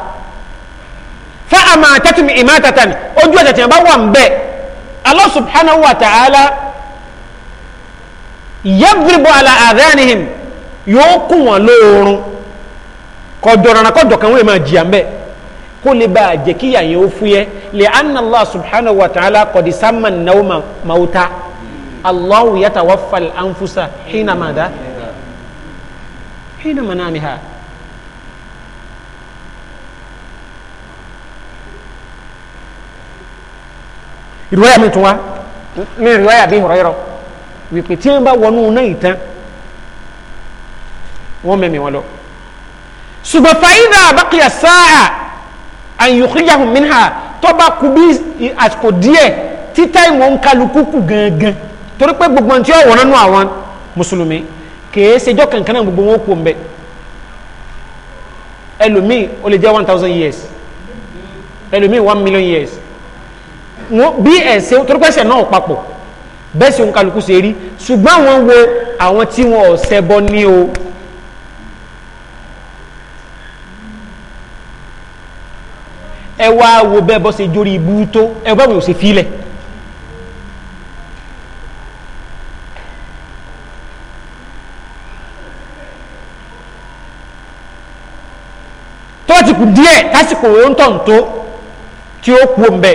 fa àmà tẹ́tùmí ìmá tàtàn ojú ẹ̀tẹ̀tẹ̀ bá wà ń bẹ́ẹ̀ Allah subhanahu wa ta'ala yẹ́bùrìbọ̀ àlà àdánihìm yóò kù wọ́n lóorun kọ̀dọ̀rọ̀nà kọ̀dọ̀kan wọ́n máa jìyà mbẹ́ kó lè bá a jẹ́ kí yàyẹ̀ ó fúyẹ́ lè anna allah subhanahu wa ta'ala kọ̀dí sáman náà ma mauta allahu yata wafal anfusa hina mada hina manamiha riwaya min tuwa min riwaya bi hurayra wípé tí wọ́n bá wọnú náà ìtàn wọ́n mẹ́mí wọn lọ. ṣùgbọ́n a àbákìyà sáà àyùkúyàhùn mìíràn tọ́ba kú bí àsìkò díẹ̀ títà ìmọ̀ ń kálukú kù gangan torí pé gbogbo ntí ọ̀wọ́ nínú àwọn mùsùlùmí kìí ṣèjọ́ kankan náà gbogbo wọn kú mbẹ ẹlòmíì ó lè jẹ́ one thousand years ẹlòmíì one million years bí ẹ̀sẹ̀ torí pé ẹ̀sẹ̀ náà papọ̀ bẹ́ẹ̀ sì ń kálukú ṣe rí ṣùgbọ́n àwọn wo àwọn tí wọn ò ṣẹbọ ní o ẹ wá wo bẹ́ẹ̀ bọ́ ṣe jórí ibú tó ẹ bá wọn ò ṣe filẹ̀. tó ti kù díẹ̀ lásìkò òǹtọ̀ǹtò tí ó kú òǹbẹ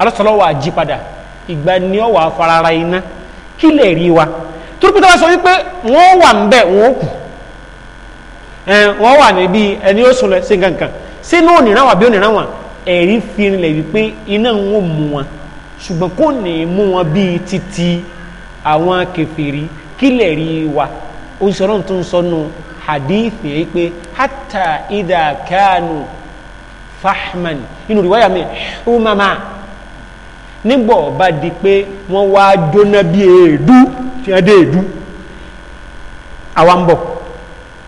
alásọlọ́wọ́ àjípadà ìgbà ni ọ wà farara iná kí lè rí wa turupita wa sọ wípé wọn wà ń bẹ wọn kù ẹ wọn wà níbi ẹni ó sùn lọ sí nǹkankan sínú ònìrán wà bí ònìrán wà ẹ̀rí fi rinlẹ̀ wípé iná ń wò mú wọn ṣùgbọ́n kò ní mú wọn bíi títí àwọn kẹfìrí kí lè rí wa oṣìṣẹ́ tó ń sọnù hadithi yìí pé hata idakanu fahman inú ìwáyà mi umama nígbà ọba di pé wọ́n wá jóná bí èédú tí wọ́n dé èédú àwa ń bọ̀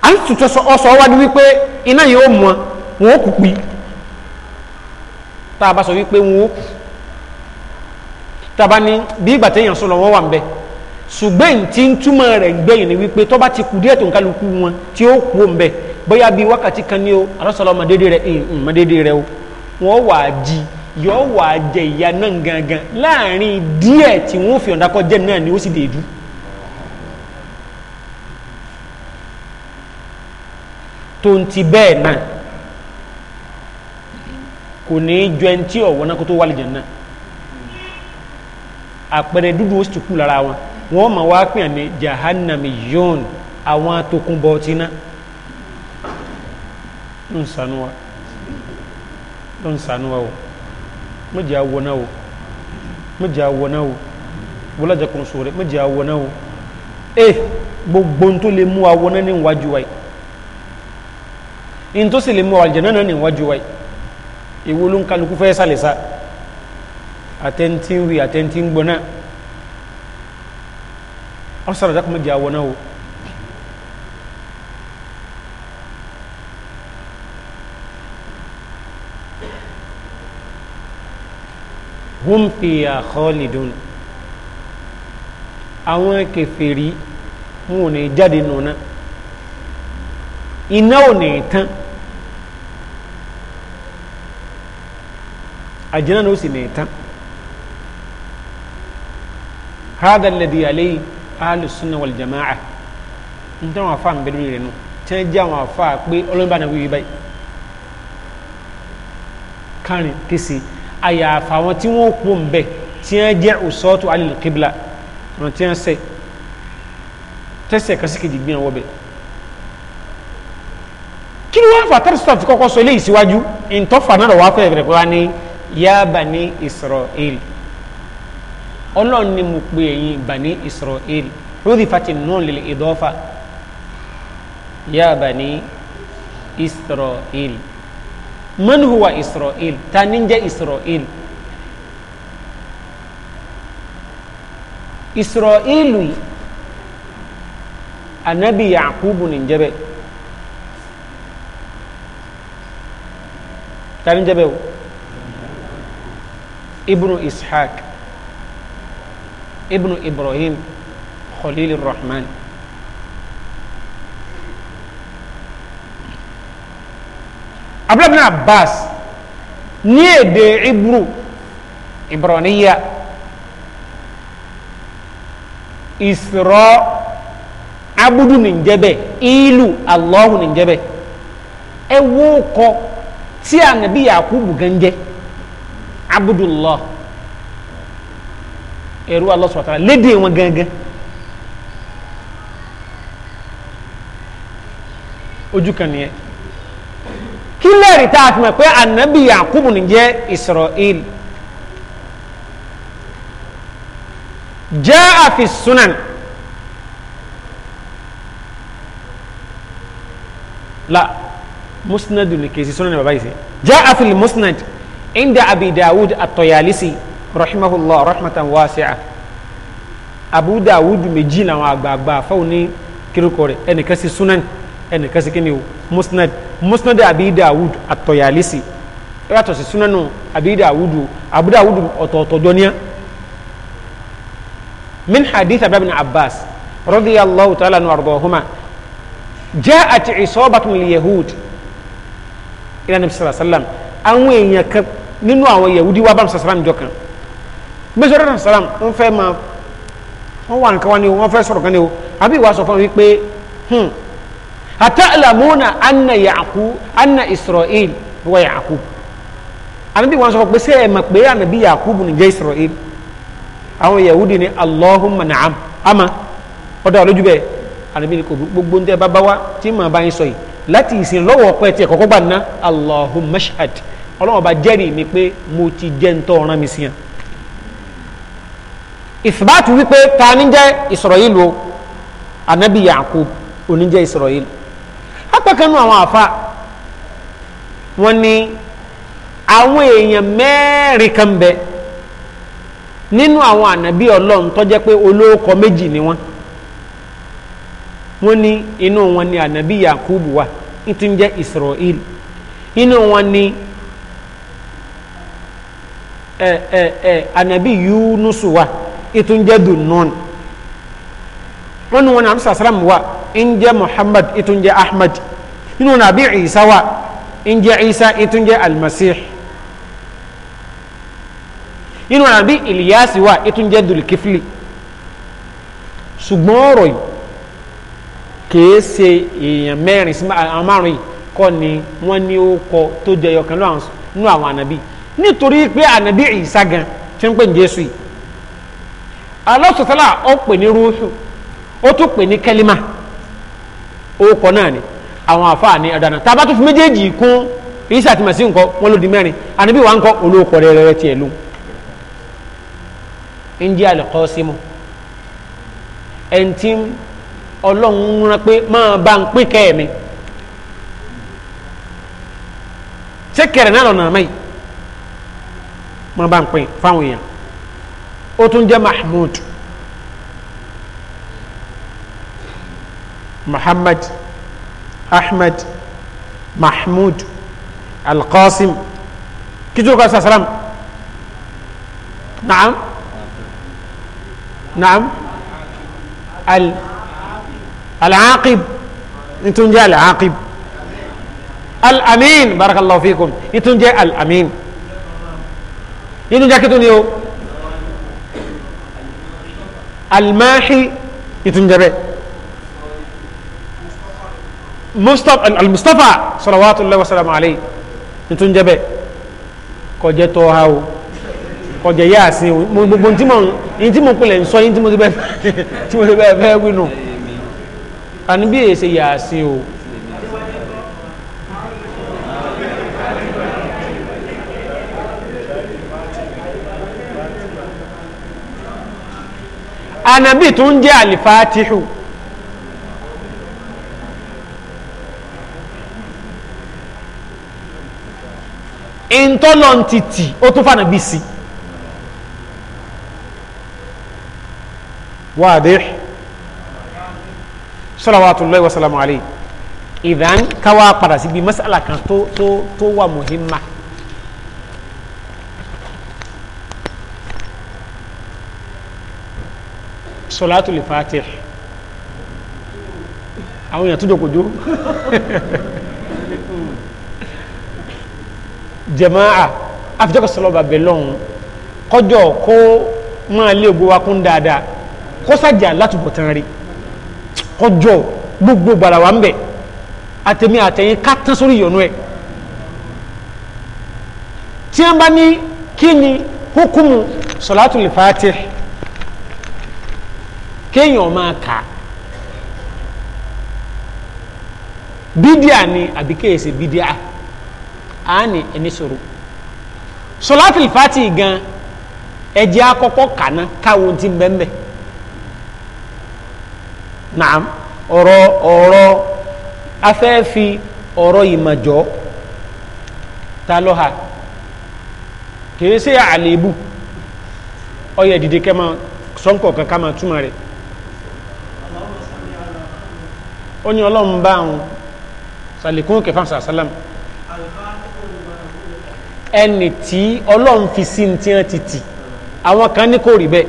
à ń tutù ọsọ wájú wípé iná yìí ó mọ wọn ó kú pi tá a bá sọ wípé wọn ó kú tá a bá ní bí ìgbà téèyàn sọ lọ wọn wà ń bẹ ṣùgbọ́n tí ń túmọ̀ rẹ̀ gbẹ̀yìn ni wípé tó bá ti kú díẹ̀ tó ń kálukú wọn tí ó kú òun bẹ̀ bóyá bíi wákàtí kan ní o àlọ́sọ̀lọ́ ọmọdédé rẹ̀ ọmọdédé rẹ̀ o wọ́n wà á jí yóò wà jẹ ìyá náà gangan láàrin díẹ̀ tí wọ́n fi ọ̀dà kọjá náà ni ó sì dèédú. tó ń ti bẹ́ẹ̀ náà kò ní í jọ ẹni tí ọ̀wọ́ náà kó tó wà lìjẹ̀ náà àpẹẹrẹ dúdú ó sì tún kú lára wọn wọn máa wá pè ní jahannami yon àwọn atokunbọ ti ná ló ń sanuwa ló ń sanuwa o mẹjẹ awọna o mẹjẹ awọna o wọlájà kan sọ̀rọ̀ mẹjẹ awọna o e gbogbo tó lè mú awọna ní wájú wa yìí ntọ́ sì lè mú àlùjànnà náà ní wájú wa yìí ìwo ló ń kálukú fẹ́ sálẹ̀ sá àtẹ̀ntínwì àtẹ̀ntíngbọ́n náà ọ̀sán àdàkùn mẹjẹ awọna o. hum fiya khalidun àwọn kèfèrí wọn ò ní jáde nùnà iná ò ní tán àjẹnà ní ó sì ní tán hada alladhi alayhi ahlus sunna wal jama'a n tẹ́ wọn afa n bẹ́ẹ̀ lórí rẹ̀ nù jẹ́ àwọn afa pé ọlọ́mọba náà wíwí báyìí kárin kìsì àyàfà àwọn tí wọ́n kú mbẹ tí wọ́n jẹ́ òsọ́ọ̀tù alil qibla wọn tí wọ́n sẹ tẹsẹ̀ kásìkejì gbìyànjú wọ́bẹ̀ kí ni wọ́n fà tẹ́lẹ̀ sọ́tà fi kọ́kọ́ sọ eléyìí síwájú ntọ́fà náà lọ́wọ́ afẹ́ ìbẹ̀rẹ̀ pé wá ní ya bani Israel ọlọ́run ni mo pe ẹ̀yin bani Israel rúdìfàtì náà lè ìdọ́fà ya bani Israel man huwa israel ta ni jẹ́ israel israelu yìí anabi yakubu ni jẹ́bẹ̀ ta ni jẹ́bẹ̀ o ibnu ishaq ibnu ibrahim khalil rahman. abúlé abbas ní èdè ibru ibraniya isra abudu ní jẹ́bẹ̀ ìlú allahu ní jẹ́bẹ̀ ẹ wó kọ tí ànábì yakubu gan jẹ́ abudullah ẹrú Allah subhanahu wa ta'ala lédè wọn gangan ojú kan nìyẹn kí lẹ́rìí tá a fi mọ̀ pé ànábì yakubu ní jẹ́ israel jẹ́ àfi sunan la musnadu ni kesi sunan baba yìí jẹ́ àfi musnad inda abi dawud at-tayalisi rahimahullah rahmatan wasi'a abu dawud méjì làwọn àgbààgbà fáwọn ní kirikori ẹnìkan sí sunan ẹnìkan sí kíni musnad musnad abi dawud at-tayalisi ó yàtọ̀ sí sunanu abi dawud abu dawud ọ̀tọ̀ọ̀tọ̀ dọ́níà min hadith abdullah bin abbas radiyallahu ta'ala anhu ardahuma ja'at isabatu lil yahud ila nabi sallallahu alaihi wasallam àwọn èèyàn kan nínú àwọn yahudi wa bam sallam jọ kan bi sallallahu sallam on fẹ́ ma wọ́n wà nǹkan wá ní o wọ́n fẹ́ o àbí ìwà sọ fún mi pé hmm àtàlámúnà anna yaaku anna israel wọ yaaku anabi wọn sọ pé sẹ ẹ mọ̀ pé anabi yaaku bù ní jẹ israel àwọn yahudi ni allahumma naam ama ọdọ àlójú bẹ́ẹ̀ anabi ni kò gbogbo ntẹ bá bá wa tí màá bá yín sọ yìí láti ìsìn lọ́wọ́ ọpẹ tiẹ kọ́kọ́ gbà ná allahumma shahad Ọlọ́run ọba jẹ́rìí mi pé mo ti jẹ ntọ ọ̀ràn mi sí yàn wípé ta jẹ israel o anabi yaaku oníjẹ israel apákan nù àwọn àfa wọn ni àwọn èèyàn mẹ́rin kan bẹ nínú àwọn ànábì ọlọ́run tó jẹ́ pé olóòkọ méjì ni wọ́n wọ́n ní inú wọn ni ànábì yakubu wa ìtún jẹ́ israel inú wọn ni ẹ ẹ ẹ ànábì yunusu wa ìtún jẹ́ dunun wọ́n ní wọn ni amsa wa ń jẹ́ muhammad ìtún jẹ́ ahmad nínú nàbí ìsá wà ń jẹ́ ìsá ètò ń jẹ́ almasih nínú nàbí ìlíyàsí wà ètò ń jẹ́ dùlùkífìlì ṣùgbọ́n ọ̀rọ̀ yìí kìí ṣe èèyàn mẹ́rin sí márùn yìí kọ́ ni wọ́n ní ó kọ tó jẹyọ kan nínú àwọn ànàbí nítorí pé ànàbí ìsá gan tí ń pè ní jésù yìí alọ́sọ̀tàlà ó pè ní rúṣù ó tún pè ní kẹ́límà ó kọ náà ni àwọn àfáà ní ọ̀dànà tàbá tó fi méjèèjì kún isa àti màsí nǹkan wọn ló di mẹ́rin ànábì wa ń kọ́ olóòkọ̀ rẹ̀ rẹ̀ tiẹ̀ ló ń jẹ́ al-Qasim ẹni tí ọlọ́run rán pé máa bá ń pín kẹ́ẹ̀mí ṣé kẹrẹ̀ náà lọ́nà àmọ́ máa bá ń pín fáwọn èèyàn ó tún jẹ́ Mahmud Muhammad. أحمد محمود القاسم كتير قال سلام نعم نعم ال العاقب انتم جاء العاقب الامين بارك الله فيكم انتم جاء الامين انتم جاء كتون يو الماحي انتم جاء al-Mustafa salawatullahi wa salamu alayhi nítorí jẹ́ bẹ́ẹ̀ kọjẹ́ tọ́ ha o kọjẹ́ yá sí o gbogbo tí mo ní tí mo pinlẹ̀ ń sọ yín tí mo ti bẹ́ẹ̀ tí ti bẹ́ẹ̀ fẹ́ wínú àní bí èsè yá sí o. anabi tún jẹ́ alifatihu. ìntọ́lọ̀ ti tì ó tún fànà bí sí wáàdé salawatullahi wa salamu alayhi ìdán káwá padà sí bí masala kan tó tó tó wà muhimma salatu li fatih àwọn èèyàn tó jòkòjò jẹ̀máà àfijọ́kọ̀ sọlọ́ba bẹ̀lọ́hún kọjọ́ kó máa lé ògbó wa kún dáadáa kó sàjà látùbọ̀ tán rí kọjọ́ gbogbo gbàrà wà ń bẹ̀ àtẹ̀mí àtẹ̀yìn ká tán sórí ìyọ̀nú ẹ̀ tí wọ́n bá ní kí ni hukumu sọ̀látù lè fàátì kéèyàn máa kà bídíà ni àbí kéèyàn ṣe bídíà á ní ẹni sọ̀rọ̀ sọláàtì fati gan ẹjẹ àkọ́kọ́ kàná káwọn ti bẹnbẹ naam ọ̀rọ̀ ọ̀rọ̀ afẹ́ẹ́fi ọ̀rọ̀ ìmọ̀jọ́ ta ló ha kìí ṣe àléébù ọyẹ dìde kẹ́ máa sọ́nkọ̀ kan ká máa ó ní ọlọ́run àwọn sàlẹ̀kùn kẹfà sàlám ẹni tí ọlọ́run fi sí ti hàn ti tì àwọn kan ní kò rí bẹ́ẹ̀.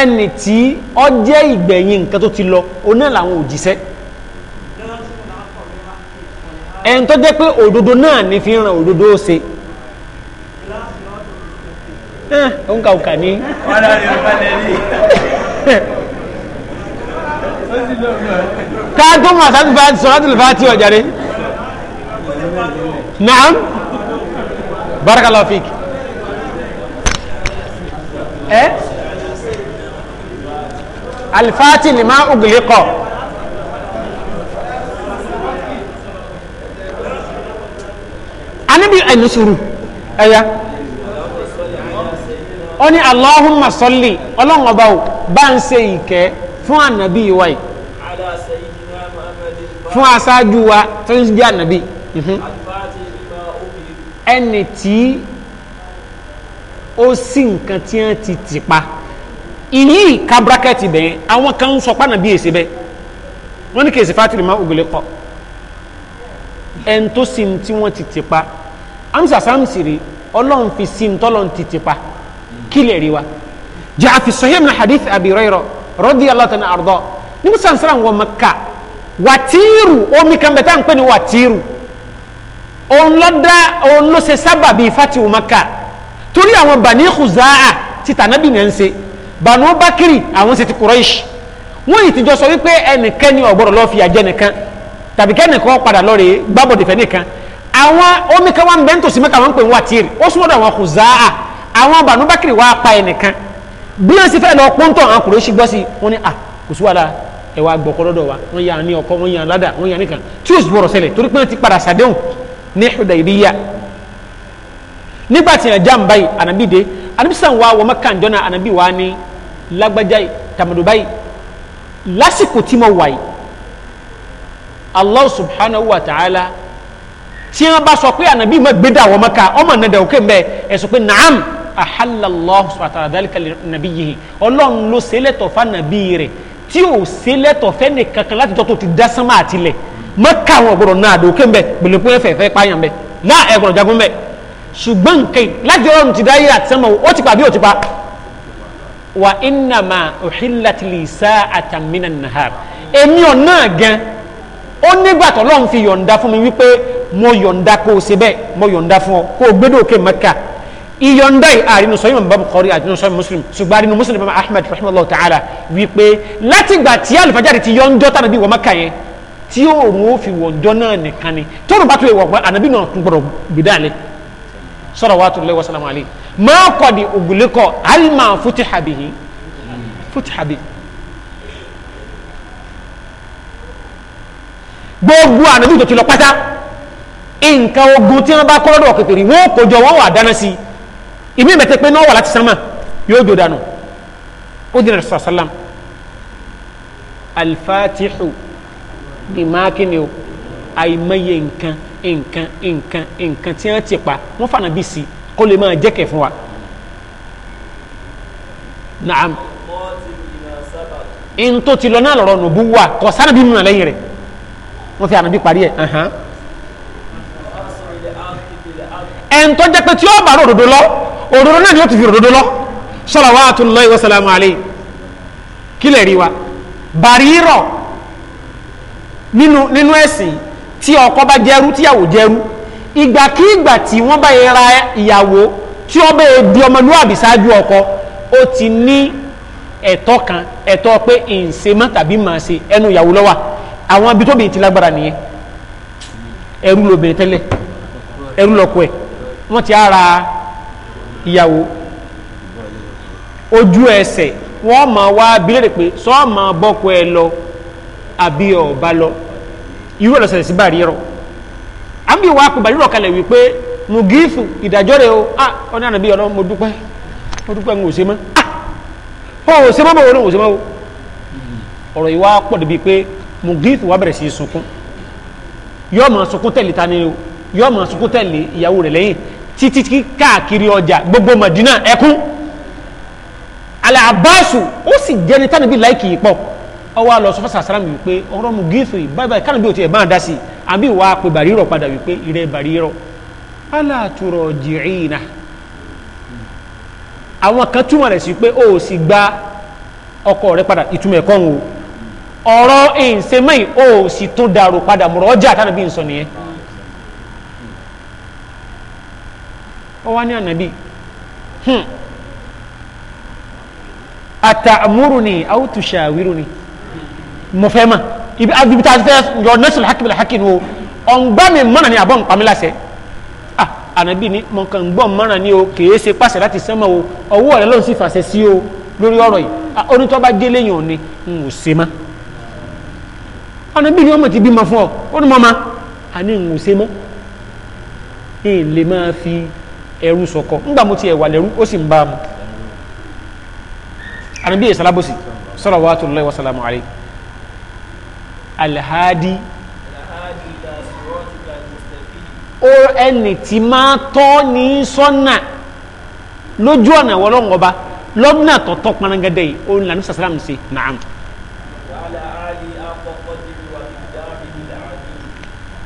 ẹni tí ó jẹ́ ìgbẹ̀yìn nǹkan tó ti lọ oná làwọn òjíṣẹ́ ẹni tó jẹ́ pé òdodo náà ní fi ràn òdodo ṣe òun kà òkà ní. wọ́n á rí ọ̀pá lẹ́yìn káàtó mọ̀ sátì bá ti sọ́rọ́ tìlifá tí ọjà rẹ̀ naam barakallahu fik eh? ẹ alifati lima ugliqa anabi ẹnu sùúrù ẹ̀yà ó ní allahumma salli ọlọ́run ọba ò bá ń ṣe ìkẹ́ fún ànàbí ìwáyìí fún aṣáájú wa tó ń jẹ́ ànábì mhm. ẹni tí ó sì nǹkan tí wọ́n ti tì pa ìyí ka bírákẹ́tì bẹ́ẹ̀ àwọn kan ń sọ pàànà bí èsì bẹ́ẹ̀ wọ́n ní kí èsì fátìlì máa ògùlé kọ́ ẹni tó sì ń tí wọ́n ti tì pa amsa samsiri ọlọ́run fi sí ń tọ́lọ́run ti tì pa kí lè rí wa jẹ́ àfisọ́yẹ́mìnà hadith Abi Hurairah radiyallahu ta'ala anhu nígbà sàn sàn wọ Watiru, omi kan bẹ̀tà ń pè ní wàtíìrù òun ló dá òun ló ṣe sábà bíi fatihu maka torí àwọn bani khuzaa ti tànábì náà ń ṣe banu bakiri àwọn ṣe ti kuraish wọn yìí ti jọ sọ wípé ẹnìkan ni ọ̀gbọ́dọ̀ lọ́ọ́ fi àjẹ́ nìkan tàbí kẹ́nìkan padà lọ́ọ̀rẹ́ gbábọ̀dẹ̀fẹ́ nìkan àwọn omi kan wà ń bẹ́ ń tòsí mẹ́ka wọn ń pè ní wàtíìrù ó súnmọ́dọ̀ àwọn khuzaa àwọn banu bakiri wà á ẹnìkan bí wọn ṣe fẹ́ lọ pọ́ńtọ̀ àwọn kuraish gbọ́ sí wọn ni à kò sí wàhálà ẹ wá gbọ́kọ́ lọ́dọ̀ wa wọ́n yà ní ọkọ wọ́n yà ládà wọ́n yà nìkan tí o sì bọ̀rọ̀ ṣẹlẹ̀ torí pé wọ́n ti padà sàdéhùn ní Hudaybiya nígbà tí yàn jàm báyìí ànàbí de ànàbí sàn wá wọ́n mẹ́ka ǹjọ́ náà ànàbí wa ní lágbájá tàmàdù báyìí lásìkò tí mo wà yìí Allah subhanahu wa ta'ala tí wọ́n bá sọ pé ànàbí má gbé dà wọ́n mẹ́ka ọmọ nàdà òkè mbẹ́ ẹ̀ pé naam ahallallahu subhanahu wa ta'ala dhalika li nabiyyihi ọlọ́run ló ṣẹlẹ̀ tọ̀fà nàbí rẹ̀ tí ò sí lẹ́tọ̀ fẹ́ni kankan láti tọ́tò ti dá sánmà àtìlẹ̀ mọ́ káwọn ọ̀gbọ̀dọ̀ náà àdó kéńbẹ̀ gbèlèpọ̀ ẹ̀fẹ̀ fẹ́ pààyàn bẹ̀ náà ẹ̀gbọ̀n jagun bẹ̀ ṣùgbọ́n nǹkan láti ọ̀run ti dáyé àti sánmà ó ti pa bí ó ti pa. wà innama uhillat li sa'atan minan nahar èmi ọ̀ náà gan ó nígbà tó lọ́n fi yọ̀ǹda fún mi wípé mo yọ̀ǹda kó o ṣe bẹ́ẹ̀ mo yọ̀ǹda fún ọ kó o gbé dòkè Mẹ́kà iyọ̀ndọ́yì àrínú sọ́yìn bàbá Bukhari àrínú sọ́yìn Muslim ṣùgbọ́n àrínú Muslim bàbá Ahmed rahimahullah ta'ala wípé látìgbà tí alùfájáde ti yọ̀ndọ́ tàbí bí wọ́n mẹ́ka yẹn tí òun ó fi wọ̀njọ́ náà nìkan ni tóun bá tó ìwọ̀ pé ànábì náà tún gbọ́dọ̀ gbìdálẹ̀ salawatullahi wa salamu alayhi ma qad ughliqa alma futiha bihi gbogbo ànábì tó ti lọ pátá nǹkan ogun tí wọ́n bá kọ́ lọ́dọ̀ kẹtẹ̀rì wọ́n kò jọ wọ́n wà dáná sí i ìmí ìbẹ̀tẹ̀ pé náà wà láti sánmà yóò jò dànù ó dìrẹ̀ sàlám alfatihu ni mákìnì o àìmọye nǹkan nǹkan nǹkan nǹkan tí wọ́n ti pa wọ́n fànà bí sí kó lè máa jẹ́kẹ̀ fún wa. naam ntó ti lọ náà lọ́rọ̀ nùbú wa kò sánàbí nù lẹ́yìn rẹ̀ wọ́n fi ànàbí parí ẹ̀ ẹ̀ńtọ́ jẹ́ pé tí ó bá ròdòdó lọ òdodo náà ni ó ti fi òdodo lọ salawatullahi wa salamu alayhi kílẹ̀ rí wa bàrírọ̀ nínú nínú ẹ̀sìn tí ọkọ bá jẹ́rú tíyàwó jẹ́rú ìgbàkígbà tí wọ́n bá yẹra ìyàwó tí ó bẹ́ẹ̀ di ọmọlúwàbí ṣáájú ọkọ ó ti ní ẹ̀tọ́ kan ẹ̀tọ́ pé ìǹṣe mọ́ tàbí màá ṣe ẹnu ìyàwó lọ́wà àwọn ibi tóbi ti lágbára nìyẹn ẹrú lóbìnrin tẹ́lẹ̀ ẹrú lọ́kọ ẹ̀ wọ́n ti ara ìyàwó ojú ẹsẹ̀ wọ́n máa wá bílẹ̀ pé sọ́ọ́ máa bọ́kọ ẹ lọ àbí ọ̀bá lọ irú ọ̀lọ́sẹ̀ sí bàrí rọ àbí wàá pè bàrí rọ kalẹ̀ wípé mùgífù ìdájọ́ rẹ o ah ọ̀nà àbí ọ̀nà mo dúpẹ́ mo dúpẹ́ ń òṣèmọ́ ah ó òṣèmọ́ bò ó ní òṣèmọ́ o ọ̀rọ̀ yìí wá pọ̀ débi pé mùgífù wá bẹ̀rẹ̀ sí í sunkún yọ́ọ̀ máa sunkún tẹ̀lé ta ni o yọ́ọ̀ máa sunkún tẹ̀lé ìyàwó rẹ̀ lẹ́yìn titi títí káàkiri ọjà gbogbo Madina ẹkún alaabasu ó sì jẹni tánàbí láìkì yìí pọ̀ ọwọ́ àlọ́ sọ́fà sàsàrà mi wípé ọ̀rọ̀ mu gífìrì báyìí báyìí kánàbí ò tiẹ̀ máa dá sí i àbí wàá pe bàrírọ̀ padà wípé ìrẹ́ bàrírọ̀ aláàtúrọ̀ jìrìnà àwọn kan túmọ̀ rẹ̀ sí pé ó sì gba ọkọ rẹ̀ padà ìtumọ̀ ẹ̀kọ́ ń wo ọ̀rọ̀ ìǹsẹ̀mẹ́yì ó sì tún dàrú padà mọ̀rọ̀ ọjà tánàbí ń sọ nìyẹn ọwọ́ ní ànábì àtàmúrùnì àwùtùṣàwírùnì mo fẹ́ mà ibi abibita fẹ́ yọ nẹ́sùn hakimi hakimi o ọ̀ngbà mi mana ni àbọ̀ npamílàsẹ̀ ah ànábì ni mo kàn gbọ́ mana ni o kìí ṣe pàṣẹ láti sẹ́mọ̀ o ọwọ́ rẹ̀ ló ń sì fàṣẹ sí o lórí ọ̀rọ̀ yìí onítọ́ bá délé yàn ni n ò ṣe má ànábì ni ọmọ ti bímọ fún ọ ó ní mọ́ ma àní n ò ṣe mọ́ ẹ lè máa fi ẹrú sọkọ ńgbà mo ti ẹ̀wà lẹ́rú ó sì ń bá mu ànábì ìsàlábòsì salawatullahi wa salamu alayhi alhadi ó ẹni tí máa tọ́ ní sọ́nà lójú ọ̀nà wọlọ́ngọba lọ́nà tọ̀tọ̀ panangada yìí ó ń lanú sí naam.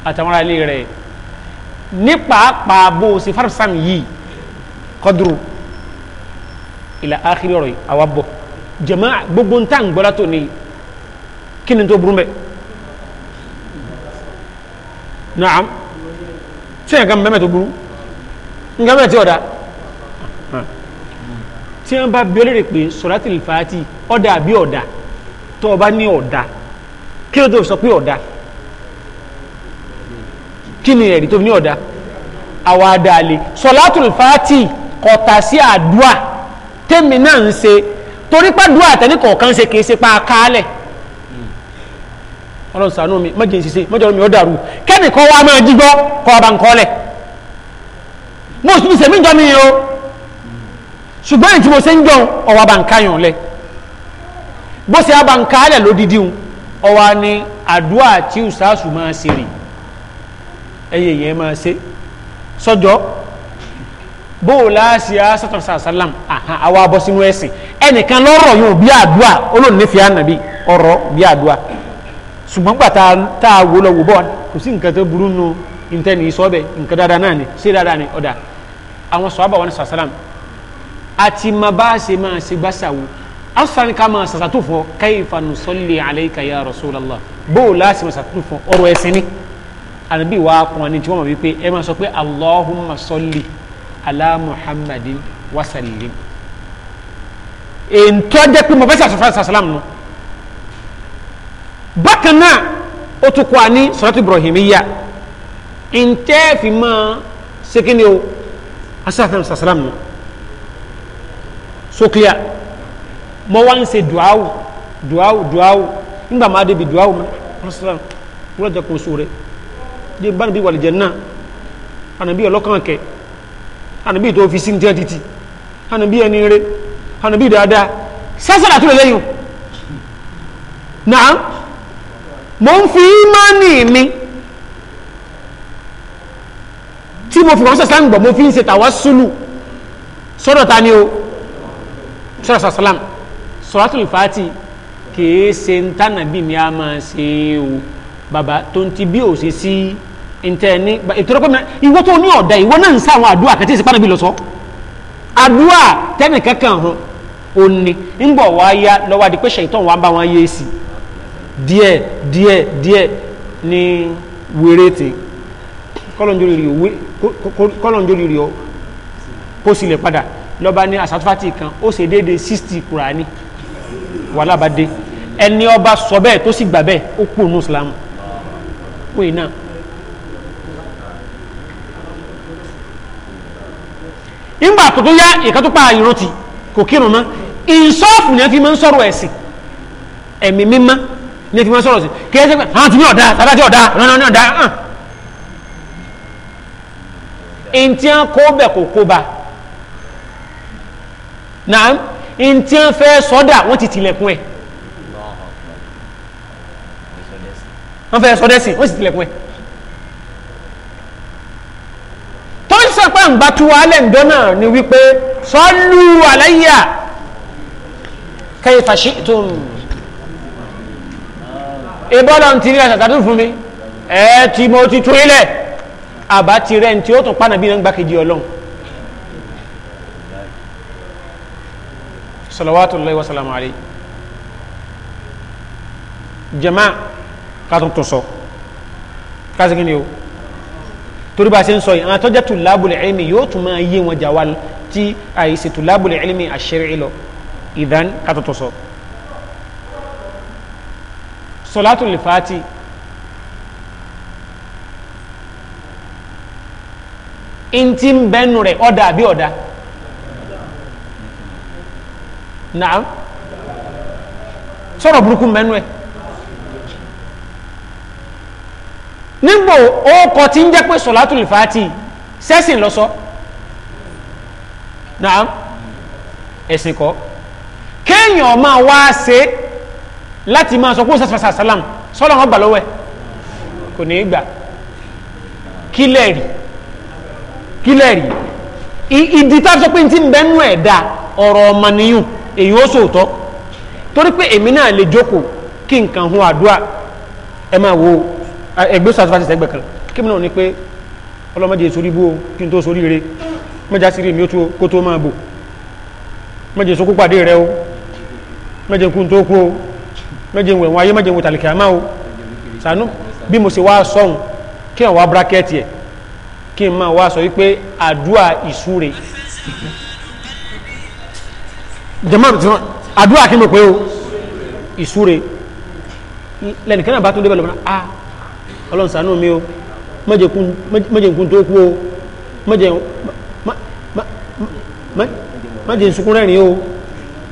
àtàwọn ará ilé rẹ̀ ní pàápàá bó o ṣe fárasàm yìí kọdùrú ìlà ákìrí ọ̀rọ̀ yìí àwa bọ̀ jẹ̀mọ́ gbogbo ń tà ń tó ní kí ni tó burú mbẹ́ naam tí yẹn kan mẹ́mẹ́ tó burú nǹkan mẹ́mẹ́ tí ọ̀dà tí wọ́n bá bíọ́lẹ̀ rẹ̀ pé sọ̀rọ̀tì lìfàátì ọ̀dà àbí ọ̀dà tó o bá ní ọ̀dà kí ló tó sọ pé ọ̀dà kí ni ẹ̀rí tó ní ọ̀dá àwọn adáàlè sọlátùl fàátì kọ̀tà sí àdúà tèmi náà ń ṣe torí pàdúà àtẹni kọ̀ọ̀kan ṣe kìí ṣe pa kálẹ̀ ọlọ́run ṣàánú mi mọ́jì ń ṣiṣẹ́ mọ́jọ́ mi ó dàrú kẹ́nìkan wa máa jígbọ́ kọ́ ọba nǹkan ọlẹ̀ mo sì ṣe mí jọ mi o ṣùgbọ́n èyí tí mo ṣe ń jọ ọwọ́ ọba nǹkan yàn lẹ bó ṣe ọba nǹkan alẹ̀ lódìdí ọwọ́ ni àdúà tí ùsàsù máa ṣe rìn ẹyẹ yẹn máa ṣe sọjọ́ bóòlá sí asọ́tọ̀ sàlám àwọn abọ́ sínú ẹ̀sìn ẹnìkan lọ́rọ̀ yóò bí àdúà olóòrùn nífẹ̀ẹ́ ànàbí ọ̀rọ̀ bí àdúà ṣùgbọ́n gbà tá a wò lọ wò bọ́ kò sí nǹkan tó burú nu ìtẹ́ni ìsọ́bẹ̀ nǹkan dáadáa náà ni ṣé dáadáa ni ọ̀dà àwọn sọ̀rọ̀ àbàwọn sàlám àti má bá a ṣe máa ṣe gbàṣàwò asan ká máa ṣàṣàtúfọ̀ kayfa nusalli alayka ya rasulallah bóòlá ànábì wa kàn ní tí wọ́n mọ̀ wípé ẹ máa sọ pé allahumma salli ala muhammadin wa sallim èntọ́ jẹ́ pé mo fẹ́ sàṣàfà sàṣàlám nù bákan náà ó tún kọ́ àní salatu ibrahimiyya ntẹ́ fi máa sekini o asafẹ́n sasalam nù sokiya mo wá ń ṣe duawu duawu duawu ngbà máa débi duawu mi rasalam wúlọ́jà kò sóore dé bá níbi wàlìjẹ̀ náà ànàbí ọlọ́kàn kẹ ànàbí tó fi sí ní tẹ́ títì ànàbí ẹni rẹ ànàbí dáadáa sẹ́sẹ̀lá tó lè lẹ́yìn náà mo ń fi ìmánì mi tí mo fi wọ́n sẹ́sẹ̀lá ń gbọ̀ mo fi ń ṣe tàwásùlù sọ́dọ̀ ta ni o sọ́dọ̀ sàṣàlám sọ́dọ̀ fàátì kìí ṣe ń tànàbí mi a máa o baba tó ń ti se Si, ntẹni ìtọ́rọ pẹ́mìnà ìwọ́ tó ní ọ̀dá ìwọ́ náà ń sá àwọn àdúrà kẹtí ìsìnkú ànábì lọ sọ àdúrà tẹ́nì kankan hàn ó ní ń bọ̀ wá yá lọ́wọ́ àdìpé ṣèyítàn wà ń bá wọn yé sí díẹ̀ díẹ̀ díẹ̀ ní wéré tè kọ́lọ́njórí rí ọ kó sílẹ̀ padà lọ́ba ní asatúfàtì kan ó ṣe déédéé sixty kùránì wàhálà bá ẹni ọba sọ bẹ́ẹ̀ tó sì gbà bẹ́ẹ̀ ó kú òun Islam pé náà ìgbà tó tó yá ìkan tó pa àyìnrán ti kò kírun mọ́ ìsọ́ọ̀fù ni wọ́n fi máa ń sọ̀rọ̀ ẹ̀sìn ẹ̀mí mímọ́ ni wọ́n fi máa ń sọ̀rọ̀ ẹ̀sìn kí ẹ ṣe pé àwọn ti ní ọ̀dà tàbí àti ọ̀dà rán ní ọ̀dà hàn. ntí wọn kó bẹ̀ kó kó ba náà ntí wọn fẹ́ sọ́dà wọ́n ti tilẹ̀kùn ẹ̀ wọ́n fẹ́ sọ́dẹ̀sìn wọ́n sì tilẹ̀kùn ẹ̀. pápá ń bá tuwa lẹ́ǹdọ́ náà ni wípé sọ́lú àlàyé kẹfà ṣe tó ń ìbọ́lọ̀ ti rí àṣàtàtù fún mi ẹ̀ tí mo ti tún ilẹ̀ àbá ti rẹ̀ tí ó tún pànà bí náà gbákejì ọlọ́run salawatullahi wa salamu alayhi jama kátó tó sọ kásìkí ni o torí bá a ṣe ń sọ yìí àwọn atọ́jà tulabul ilmi yóò tún máa yé wọn jàwá tí àìsè tulabul ilmi àṣírí lọ ìdán kátọ́tọ́ sọ. sọlátùl fati ntí ń bẹ́nu rẹ̀ naam sọ̀rọ̀ burúkú ń nígbò ókọ tí ń jẹ́ pé sọ̀látùlù fàátì sẹ́sìn lọ́sọ́ náà ẹ̀sìn kọ́ kéèyàn máa wá ṣe láti máa sọ pé òṣèṣẹ́ sàṣàlám sọ́lọ́ wọn gbà lọ́wọ́ ẹ̀ kò ní í gbà kílẹ̀ rí kílẹ̀ ìdí tá sọ pé ti ń bẹ́nu ẹ̀ dá ọ̀rọ̀ ọmọnìyàn èyí ó sòótọ́ torí pé èmi náà lè jókòó kí nǹkan hun àdúrà ẹ máa wo o ẹgbẹ́ sàtúfàtì sẹ́gbẹ̀ kan kí mìíràn ní pé ọlọ́mọdé sórí bú o kí n tó sórí rẹ mẹ́jà sí rí mi kó tó máa bò mẹ́jẹ sókú pàdé rẹ o mẹ́jẹ kú tó kú o mẹ́jẹ wẹ̀wọ̀n ayé mẹ́jẹ wò tàlìkì àmá o sànú bí mo sì wá sọ́hun kí n wá bírákẹ́ẹ̀tì ẹ̀ kí n máa wá sọ wípé àdúà ìsúre jẹ́mọ́ àti àdúà kí n mọ̀ pé o ìsúre lẹ́nìkan náà bá tún débẹ̀ lọ́mọ náà ah, ọlọ́run ṣàánú mi o mọ́jẹ̀kún tó kú o mọ́jẹ̀ sunkún rẹ̀rin o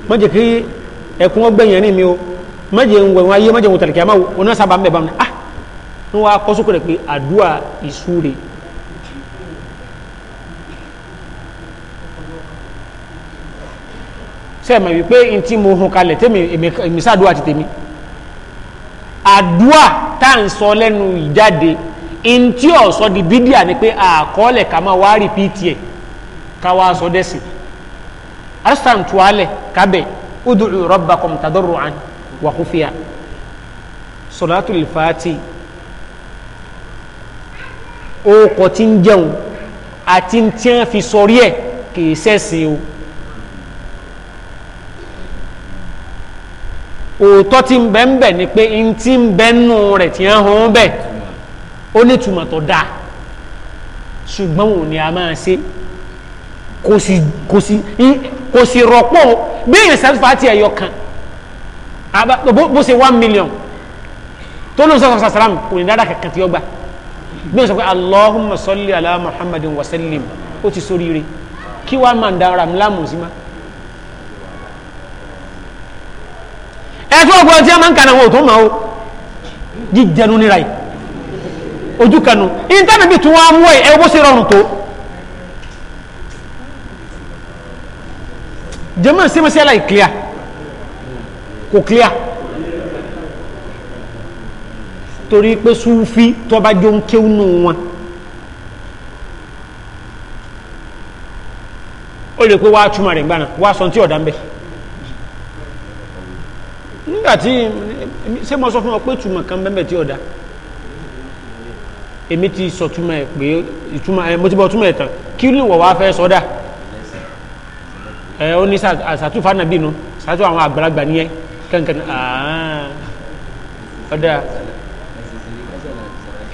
mọ́jẹ̀ kí ẹkún ọgbẹ̀yìn rìn mi o mọ́jẹ̀ ń wẹ̀wọ̀n ayé mọ́jẹ̀ ń tàlẹ̀kẹ́ àmọ́ oná sábà ń bẹ̀ bá ah wọ́n wá kọ́ sókè rẹ̀ pé àdúrà ìsúre sẹ́ẹ̀mọ̀ wípé ntí mo hun kalẹ̀ tẹ́mi èmi ti tèmi àdúrà tá à ń sọ lẹ́nu ìjáde ntí ọ̀sọ́ di bídíà ni pé àkọọ́lẹ̀ ká máa wá rìpíìtì ẹ̀ ká wá sọ dẹ́sìn asan tuwalẹ̀ kábẹ̀ ud'u rabbakum tadarru'an wa khufiya salatul fati ó kọ̀ tí ń jẹun àti tí wọ́n fi sọrí ẹ̀ kì í sẹ́sìn o. òótọ́ ti ń bẹ ń bẹ ni pé n ti ń bẹ nù rẹ̀ tí ń hàn bẹ̀ ó ní ìtumọ̀ tó dáa ṣùgbọ́n òun ni a máa ṣe kò sì kò sì kò sì rọ̀pọ̀ bí èèyàn sàtìfà ti ẹ̀yọ kan bó ṣe one million tó ló ń sọ sọ sàlámù kò ní dáadáa kankan tí ó gbà bí wọ́n sọ pé Allahumma salli ala Muhammadin wa sallim ó ti sóríire kí wàá máa dára mi láàmú sí máa. ẹ̀tún ọgbọ̀ tí a máa ń kà náà tó máa ó jíjẹnu níra ì ojú kanu ìntánàbí tún wá mú ẹ̀ ẹwọ́ sí rọrùn tó jẹ́mọ́ sí mọ́sí aláì clear kò clear torí pé súnfí tọba jọ ń kéwúnú wọn o lè pé wá túmọ̀ rẹ̀ gbáná wá sọ tí ọ̀dá ń bẹ́ẹ̀ nígbà tí ṣé mo sọ fún ọ pé túmọ̀ kan bẹ́ẹ̀ tí ọ̀dà èmi ti sọ túmọ̀ ẹ̀ pé ìtumọ̀ ẹ̀ mo ti bọ̀ túmọ̀ ẹ̀ tán kí ló wọ̀ wá fẹ́ sọ́dà ẹ̀ ó ní sàtúfà nàbí nu sàtú àwọn àgbàlagbà nìyẹn kankan ọ̀dà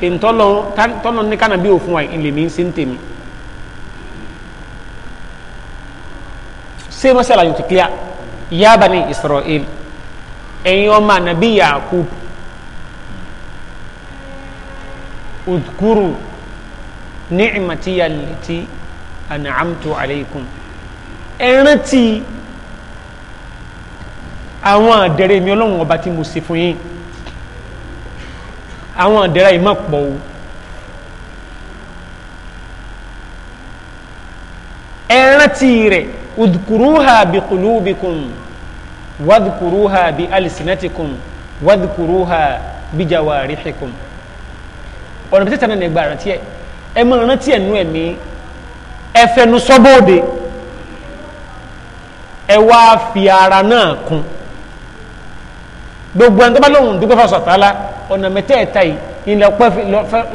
ntọ́lọ́ tọ́lọ́ ní kánàbí òfin wa ilé mi ń sí ń tèmi. sai masala yau ta clear ya bani isra'il ẹ̀yin ọmọ ànàbí yakub udkuru ni'mati yaliti an'amtu alaykum ẹ rántí àwọn àdẹ̀rẹ̀ mi ọlọ́run ọba tí mo ṣe fún yín àwọn àdẹ̀rẹ̀ ìmọ̀ pọ̀ o ẹ rántí rẹ̀ udkuruha biqulubikum wadkuruha bi alisinatikum wadkuruha bi jawarihikum ọ̀nà bíi sẹ́tàn ẹ̀gbà rántí ẹ̀ ẹ mọ rántí ẹ̀ nú ẹ̀mí ẹ fẹnu sọ́bọ̀ọ́dẹ ẹ wá fi ara náà kún gbogbo ẹni tó bá lóhùn dúpẹ́ fún sọ̀tàlá ọ̀nà mẹ́tẹ̀ẹ̀ta yìí ni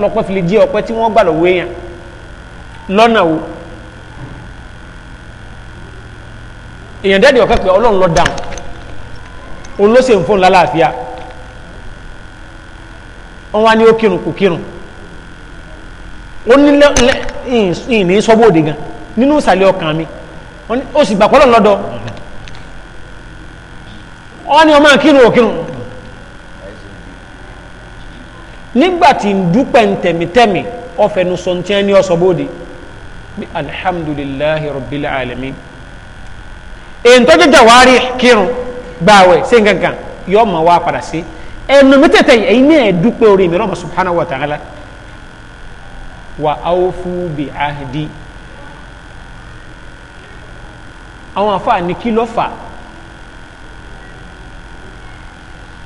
lọ́pẹ́ fi lè jẹ́ ọpẹ́ tí wọ́n gbà lọ́wọ́ èèyàn lọ́nà wo èèyàn dáàdi ọ̀kẹ́ ọlọ́run ló dáhùn òun ló sì ń fún lálàáfíà wọn wá ní ó kírun kò kírun ó ní ìní sọ́bòde gan nínú ìsàlẹ̀ ọkàn mi ó sì gbàpọ̀ lọ́dọ̀ wọn ni ọmọ kírun ò kírun nígbàtí ń dúpẹ́ ń tẹ̀mítẹ̀mí ọfẹnu sọ̀ntiẹ́ ní ọ̀sọ̀bòde bí alhamdulillahi rabbil alamin èyí tó jẹ́ jàwárí kírun gbààwẹ̀ ṣe nkankan yọ ọmọ wa padà sí ẹnu mẹtẹẹtẹ yìí ẹyin náà dúpẹ́ orí mi rọ́mọ subhanahu wa ta'ala wa awfu bi ahdi àwọn afa ni kí ló fà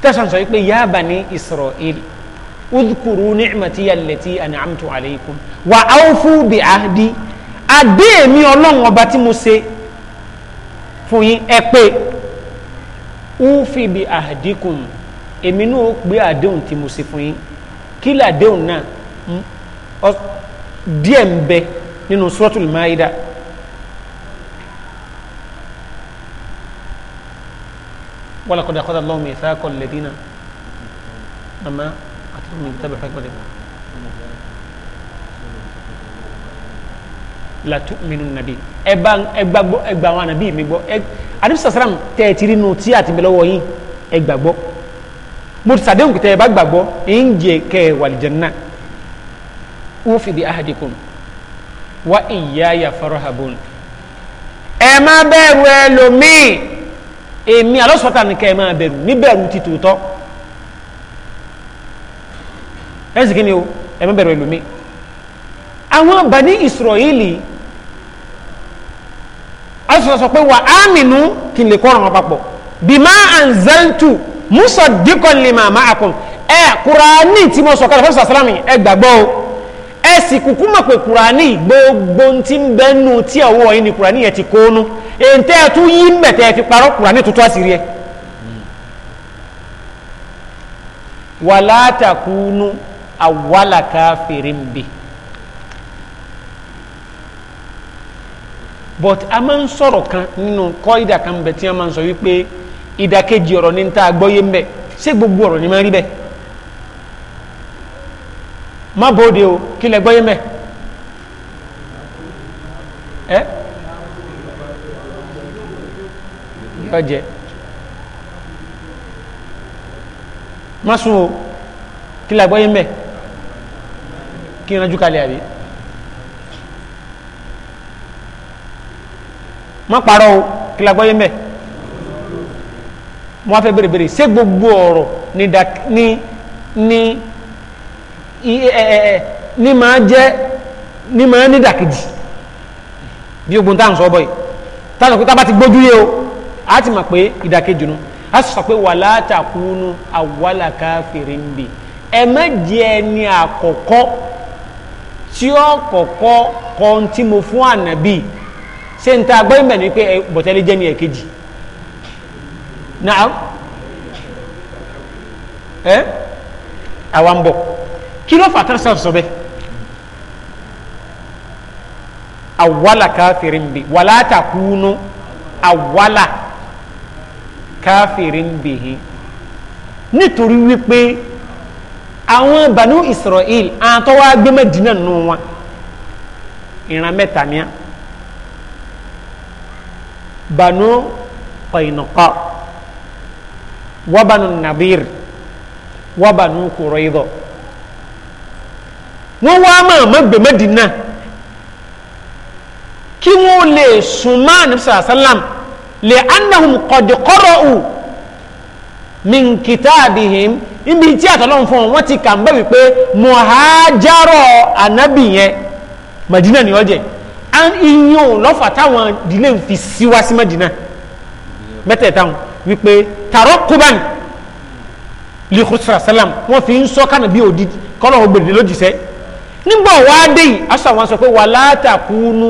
tẹsán sọ pé ya bani Isra'il udhkuru ni'mati allati an'amtu alaykum wa awfu bi ahdi adé mi ọlọ́run ọba mo ṣe fún yín ẹ ufi bi ahdikum èmi náà gbé àdéhùn tí mo ṣe fún yín kí lè àdéhùn náà díẹ̀ ń bẹ nínú suratul maida walaqad akhadha Allahu mithaqa alladhina àmọ́ àti lómi ìtàbí fẹ́ pẹ̀lú. la tu'minunna bihi ẹgbà ẹgbàgbọ́ ẹgbà àwọn ànàbí mi gbọ́ àdìsí sàrám tẹ ẹ ti rí nu tí àti bẹ lọ́wọ́ yín ẹgbàgbọ́ mo ti sàdéhùn tẹ ẹ bá gbàgbọ́ ẹ ń jẹ kẹ ẹ náà wọ́n fi di ahadikum wa iyaya farhabun ẹ má bẹ̀rù ẹlòmíì èmi alọ́sọ̀tà nìkan ẹ má bẹ̀rù níbẹ̀rù ti tòótọ́ ẹ sì kí ni o ẹ má bẹ̀rù ẹlòmíì àwọn Bani Israeli àìsàn sọ pé wà á mìnú kí n lè kọ́ra wọn papọ̀ bima anzaltu musaddiqan lima ma'akum ẹ kùránì tí mo sọ kalẹ̀ fún sàlámì ẹ gbàgbọ́ o ẹ sì kúkú mọ̀ pé kùránì gbogbo tí ń bẹ́ nu tí ọwọ́ yìí ni kùránì yẹn ti kóónú èntẹ́ ẹ tún yí mẹ̀tẹ́ fi parọ́ kùránì tuntun àṣírí ẹ. wala takunu awwala kafirin bi. but a máa ń sọ̀rọ̀ kan nínú kọ́ ìdà kan bẹ̀ tí a máa ń sọ wípé ìdàkejì ọ̀rọ̀ ní ta àgbọ́yé ń bẹ̀ ṣé gbogbo ọ̀rọ̀ ni máa ń rí bẹ́ẹ̀ má bóde o kí lẹ gbọ́yé mẹ́ ẹ́ yọ jẹ má sùn o kí lẹ gbọ́yé mẹ́ kí n rájú kalẹ̀ àbí. má parọ́ o kí la gbọ́ yé mbẹ́ mo wá fẹ́ bèrè bèrè ṣé gbogbo ọ̀rọ̀ ni ni ni ẹ e, e, e, ni máa jẹ́ ni máa ní dàkejì bí ogun tá à ń sọ bọ́yì tá à ń sọ pé tá a bá ti gbójú yé o a ti mọ̀ pé ìdàkejì nu a sọ pé wàhálà takunu awala kafirin bi ẹ má jẹ́ ẹni àkọ́kọ́ tí ó kọ́kọ́ tí mo fún ànábì ṣé n ta gbọ́ ìmọ̀ ni pé bọ̀tẹ́lẹ̀ jẹ́ ni ẹ̀kejì náà ẹ àwa ń bọ̀ kí ló fà tán sọ̀rọ̀ sọ bẹ́ẹ̀ awala kafirin bi wala takunu awala kafirin bihi nítorí wípé àwọn banu Israel àwọn tó wá gbé Mẹ́dínà nù wọn ìran mẹ́ta mìíràn banu qainuqa wa banu nadir wa banu kuraydo wọ́n wá máa má gbé Mẹ́dínà kí wọ́n lè súnmọ́ àníbísà sálám lè annahum qad qara'u min kitabihim ibi tí àtọ́lọ́hún fún wọn ti kà ń bẹ́ wípé muhajaro anabi yẹn ni ó jẹ́ ìyẹn ò lọ́fà táwọn ìdílé ń fi síwá sí mẹ́dínà mẹ́tẹ̀ẹ̀ta wọn wípé tààrọ́ kúbánì lìkùsùrà sálàm wọ́n fi ń sọ kánà bí òdi kọ́lọ̀ ògbèrè lójúṣẹ́ nígbà wá dé yìí aṣọ àwọn sọ pé wà látàkùnú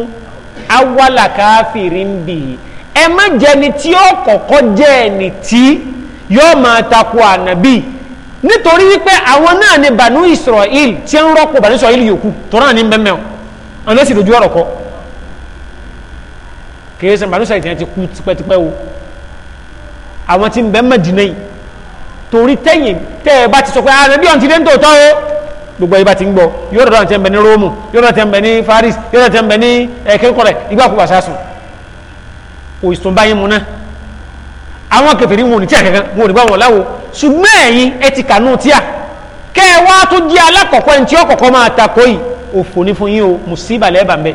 awala káfírin bì í ẹ má jẹni tí ó kọ́kọ́ jẹ́ ẹni tí yóò máa takò ànábì nítorí wípé àwọn náà ni bànú Israel tí ń rọ́pò bànú Israel yòókù tó náà ní bẹ́ẹ̀ mẹ́wọ̀n àwọn ló sì dojú ọ̀rọ̀ kọ́ kìí sẹ banu sa'id yẹn ti kú tipẹ́tipẹ́ o àwọn tí ń bẹ Mẹ́dínà yìí torí tẹ́yìn tẹ́ ẹ bá ti sọ pé ah, ààrẹ bí ọ̀ntì dé ń tòótọ́ o gbogbo ibà ti ń gbọ́ yóò dọ̀dọ̀ àti ń bẹ ní Róòmù yóò dọ̀dọ̀ àti ń bẹ ní Faris yóò dọ̀dọ̀ àti ẹ̀ ń bẹ ní ẹ̀kẹ́kọ̀rẹ́ ìgbàkúgbà sásùn kò ìsùn báyìí mu náà àwọn kèfèrí wọn ò ní tíà kankan wọn ò ní gbà wọn láwo ṣùgbọ́n ẹ̀yin ẹ ti kànú tíà kẹ́ ẹ wá tó jẹ́ o mùsíbà lẹ́ẹ̀bà ń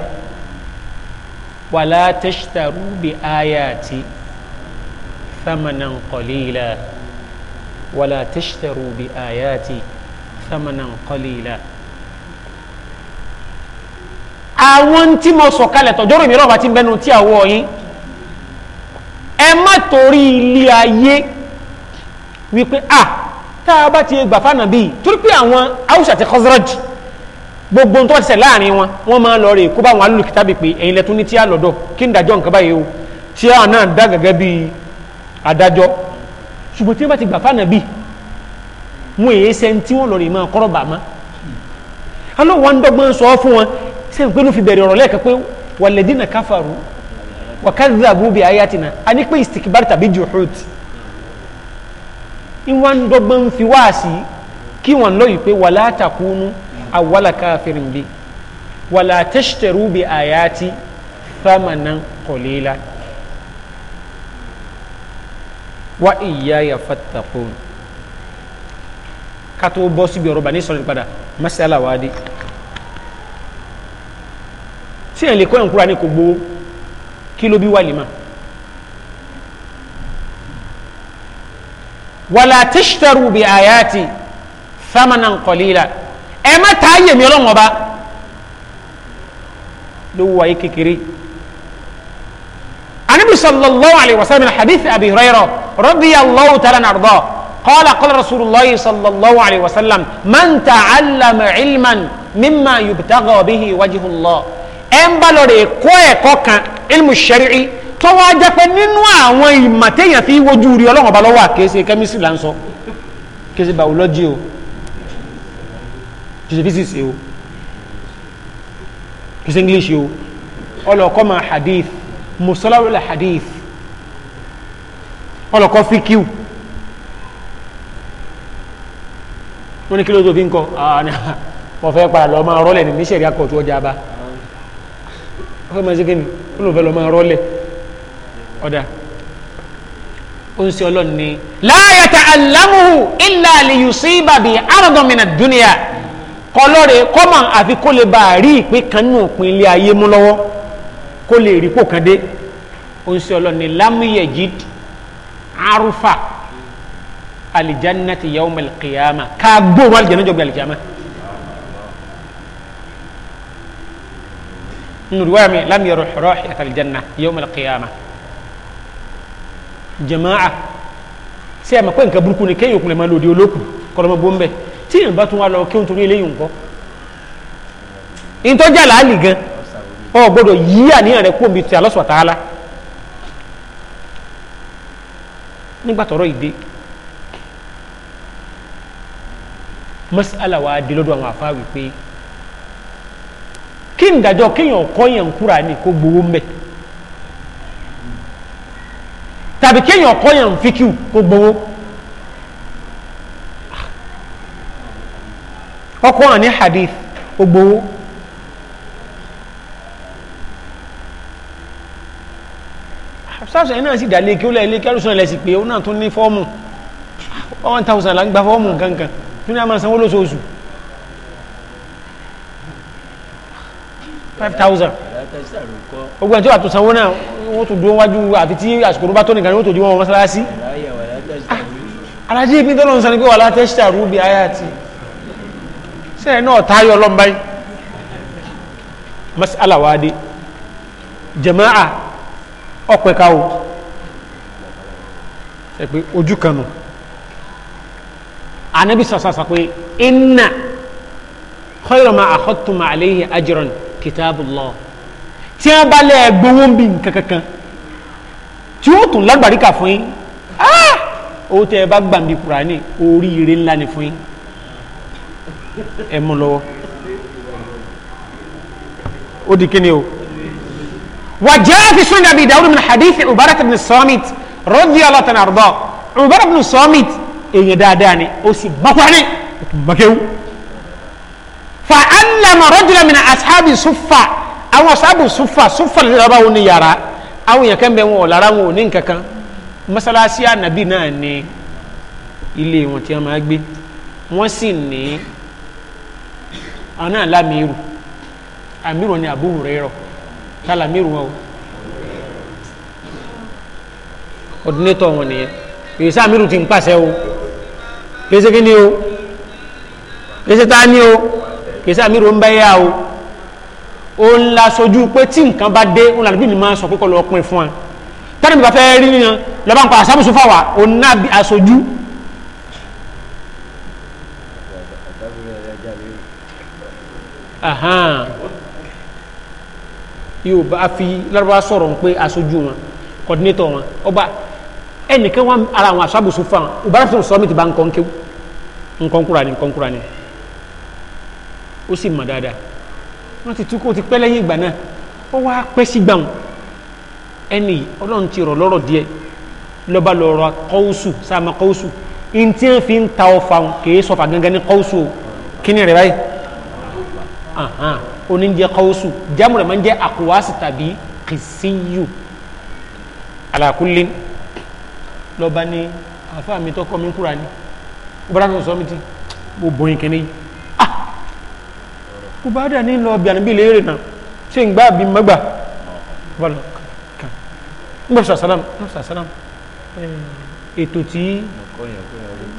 wàlá tashtaru bi ayati thamanan qalila wàlá tashtaru bi ayati thamanan qalila. àwọn tí mo sọ kalẹ̀ tọ́jọ́rò mi rọ̀bà tí ń bẹnu tí àwọ̀ yín ẹ má torí ilé ayé wípé a ah, tá a bá ti gbà fánà bíi torí pé àwọn haúsá ti Khazraj gbogbo tó wá ti ṣe láàrin wọn wọn máa lọ rè kó bá wọn alùlù kìtàbí pé ẹ̀yin lẹ́tún ní tíá lọ́dọ̀ kí n dájọ́ nǹkan báyìí o tíá náà dá gẹ́gẹ́ bí adájọ́ ṣùgbọ́n tí wọ́n bá ti gbà fáànà bíi wọn èyí ṣe tí wọ́n lọ rè máa kọ́rọ̀ bàmá alóò wọn dọ́gbọ́n sọ fún wọn ṣé n pé ló fi bẹ̀rẹ̀ ọ̀rọ̀ lẹ́ẹ̀kan pé walladina kafaru wa kadhabu bi ayatina a ní pé istikbar tàbí juhud ìwọ̀n dọ́gbọ́n fi wáàsí kí wọ́n lọ yìí pé wala takunu awwala kafirin bi wala tashtaru bi ayati thamanan qalila wa iyaya fattaqun kátó bọ́ síbi ọ̀rọ̀ bani sọ̀rọ̀ padà masala wa di tí ẹ̀ lè kọ́ ẹ̀kúra ní kò gbowó kí ló wala tashtaru bi ayati thamanan qalila ẹ má ta ayé mi ọlọ́run ọba ló wù ayé kékeré anabi sallallahu alayhi wa sallam na hadith abi hurayra radiyallahu ta'ala anhu قال قال رسول الله صلى الله عليه وسلم من تعلم علما مما يبتغى به وجه الله ẹn bá lọ rè kọ́ ẹ̀kọ́ kan ilmu shari'i tó wá jẹ́ pé nínú àwọn ìmọ̀ téèyàn fi wojú rí ọlọ́run ọba lọ́wọ́ àkéésì kẹ́mísì là ń sọ kéésì bàwọ́lọ́jì o kìí ṣe physics o kìí ṣe english o ọlọ́kọ́ ma hadith musalawula hadith ọlọ́kọ́ fikiu wọ́n ní kí tó fi ń kọ́ wọ́n fẹ́ padà lọ́ọ́ máa rọ́lẹ̀ ní sẹ̀rí akọ̀tù ọjà bá wọ́n máa ṣe kíni wọ́n lò fẹ́ lọ́ọ́ máa rọ́lẹ̀ ọ̀dà ó ń ṣe ọlọ́ni la yata'allamuhu illa liyusiba bi aradun mina kọlọ́rẹ̀ kọ́mọ̀ àfi kó lè bá rí ìpín kan nù pin ilé ayé mú lọ́wọ́ kó lè rí pò kan dé oṣù ọlọ́ni lámúyẹ̀jid arufa alijannati yawm alqiyama ká gbóòrò alijanna jọ bí alijama nùdúwà mi lámúyẹ̀rọ ṣọ̀rọ̀ àtàlijanna yawm alqiyama jama'a sí àmà pé nǹkan burúkú ni kéèyàn òkùnrin máa lòdì olókùn kọlọmọ bó ń tí èèyàn bá tún wá lọ kí n torí eléyìí nǹkan ìtọ́jà làálì gan ọ gbọ́dọ̀ yí àníyàn rẹ kóbi ti Allah subhanahu nígbà tọrọ ìdè mas'ala wa di lọ́dọ̀ àwọn afáwì pé kí n dájọ́ kéèyàn kọ́yàn kúra ní kó gbowó mbẹ́ tàbí kéèyàn kọ́yàn fíkìú kó gbowó. ọkọ hàn ní hadith ogbowó sars ẹni náà sì dà léèké ó lẹ́ ilé kẹrùsùn ẹlẹ́sì pé ó náà tún ní fọ́ọ̀mù one thousand la ń gba fọ́ọ̀mù kankan tún ní a máa sanwó lóṣooṣù five thousand ogun ẹjọ́ àtúnsanwó náà wọ́n tún dúró wájú àfi tí àsìkò tó bá tó nìkan ni wọ́n tún dúró wọn mọ́sálásí ah! alájí ìpínlẹ̀ ọ̀sán ni pé wà látẹ́sítà rúbi ayé àti sẹ́yìn náà tayọ ọlọ́mba yìí masala wa de jama'a ọpẹ ká o ẹ pé ojú kan nù anabi sasasa pé inna khayra ma akhadtum alayhi ajran kitabullah tí a bá lẹ́ gbowó ń bí nǹkan kankan tí ó tún lágbàríkà fún yín ah! ó tẹ́ bá gbàǹdì kúránì oríire ńlá ni fún yín ẹ mú lọ́wọ́ ó di kíni o wàjẹ́ fi sunan abi dawud min hadith ubarat ibn samit radiyallahu ta'ala arda ubarat ibn samit èèyàn dáadáa ni ó sì bákwani bákéwu fa annama rajulan min ashabi sufa àwọn asabu sufa sufa lè lọ́ba wọn ni yàrá àwọn yẹn kẹ́ńbẹ́ wọn ò lára wọn ò ní nkankan masalasi anabi náà ni ilé wọn tí máa gbé wọn sì ní àwọn náà lámìírù àmìírù ni Abu Hurairah tá lámìírù wọn o ọdúnlétọ̀ wọn nìyẹn èyí sí àmìírù ti ń pàṣẹ o kìí ṣe kí ni o kìí ṣe tá a ní o kìí ṣe àmìírù ń bẹ́ yá o ó ń la sojú pé tí nǹkan bá dé ó ń làdúgbò máa sọ pé kọ́ lọ́ọ́ pin fún wa tẹ́lẹ̀ mi bá fẹ́ rí yan lọ́ba ń pa àṣàmùsùn fáwa òun náà aṣojú. yóò bá a fi lọ́rọ́bá sọ̀rọ̀ ń pé aṣojú wọn kọ́dínétọ̀ wọn ọba ẹnìkan wọn ara àwọn aṣáàbùsùn fún wọn ọba láti sọ̀rọ̀ mi ti bá nǹkan kéwù nǹkan kúra ni nǹkan kúra ni ó sì mọ̀ dáadáa wọ́n ti tún kó ti pẹ́ lẹ́yìn ìgbà náà ó wá pẹ́ sí gbàùn ẹnì ọlọ́run ti rọ̀ lọ́rọ̀ díẹ̀ lọ́ba lọ́rọ̀ kọ́ọ̀sù sáàmà kọ́ọ̀sù ntí fi ń ta ọfà kì í sọfà gangan ní kọ́ọ̀sù kíní rẹ̀ báyìí oníjẹ kawusu jamu rẹ̀ máa ń jẹ́ akuwasi tàbí kìsíyù alakulli lọ́ba ní àfa mi tọkọ mi kúra ni bọ́dá náà sọ mi ti mo bọ̀yìn kìíní ah mo bá dà ní lọ bí ànábì léèrè náà ṣé ń gbá àbí mẹ́gbà bọ́dà kan ń bọ̀ sàsálàm ń bọ̀ sàsálàm eh, ètò tí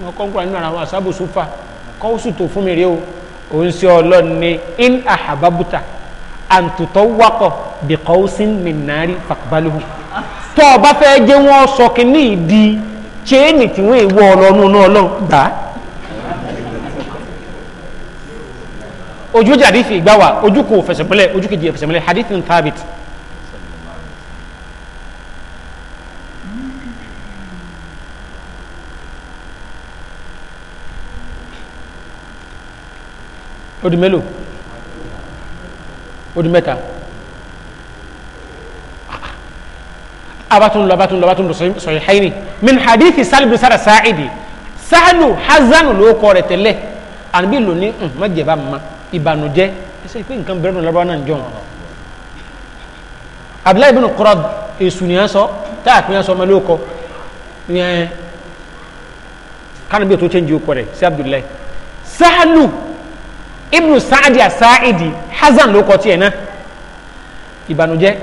wọ́n kọ́ ń kúra nínú àwọn àṣàbòsófà kọ́wọ́sù tó fún mi rí o onse ọlọ́run ní in ahababuta àǹtutọ́ wakọ̀ bìkọ́sìn mìnárì fàkbálùhù tó o bá fẹ́ jẹ́ wọ́n sọ kínní ìdí chéènì tí wọ́n èèwọ̀ ọlọ́run náà lọ́n gbà ojú jàdí fi ìgbà ojú kò fẹsẹ̀ múlẹ̀ ojú kejì fẹsẹ̀ múlẹ̀ hadith thabit. ó di mélòó ó di mẹ́ta abatun lo abatun lo abatun lo sọyìn haini min hadithi salibu sara sa'idi sahanu hazanu ló kọ rẹ̀ tẹ́lẹ̀ àbí lò ní májèbá ma ìbànújẹ́ ẹsẹ ìpé nǹkan bẹ̀rẹ̀ nù lọ́wọ́ náà jọ̀hún abdullahi bin qurad èsù ni a sọ tá a pín a sọ ọmọ lóko yẹn kánú bí o tó ṣe ń sahanu ibnu saadi asaidi hasan ló kọ tiẹ̀ náà ìbànújẹ́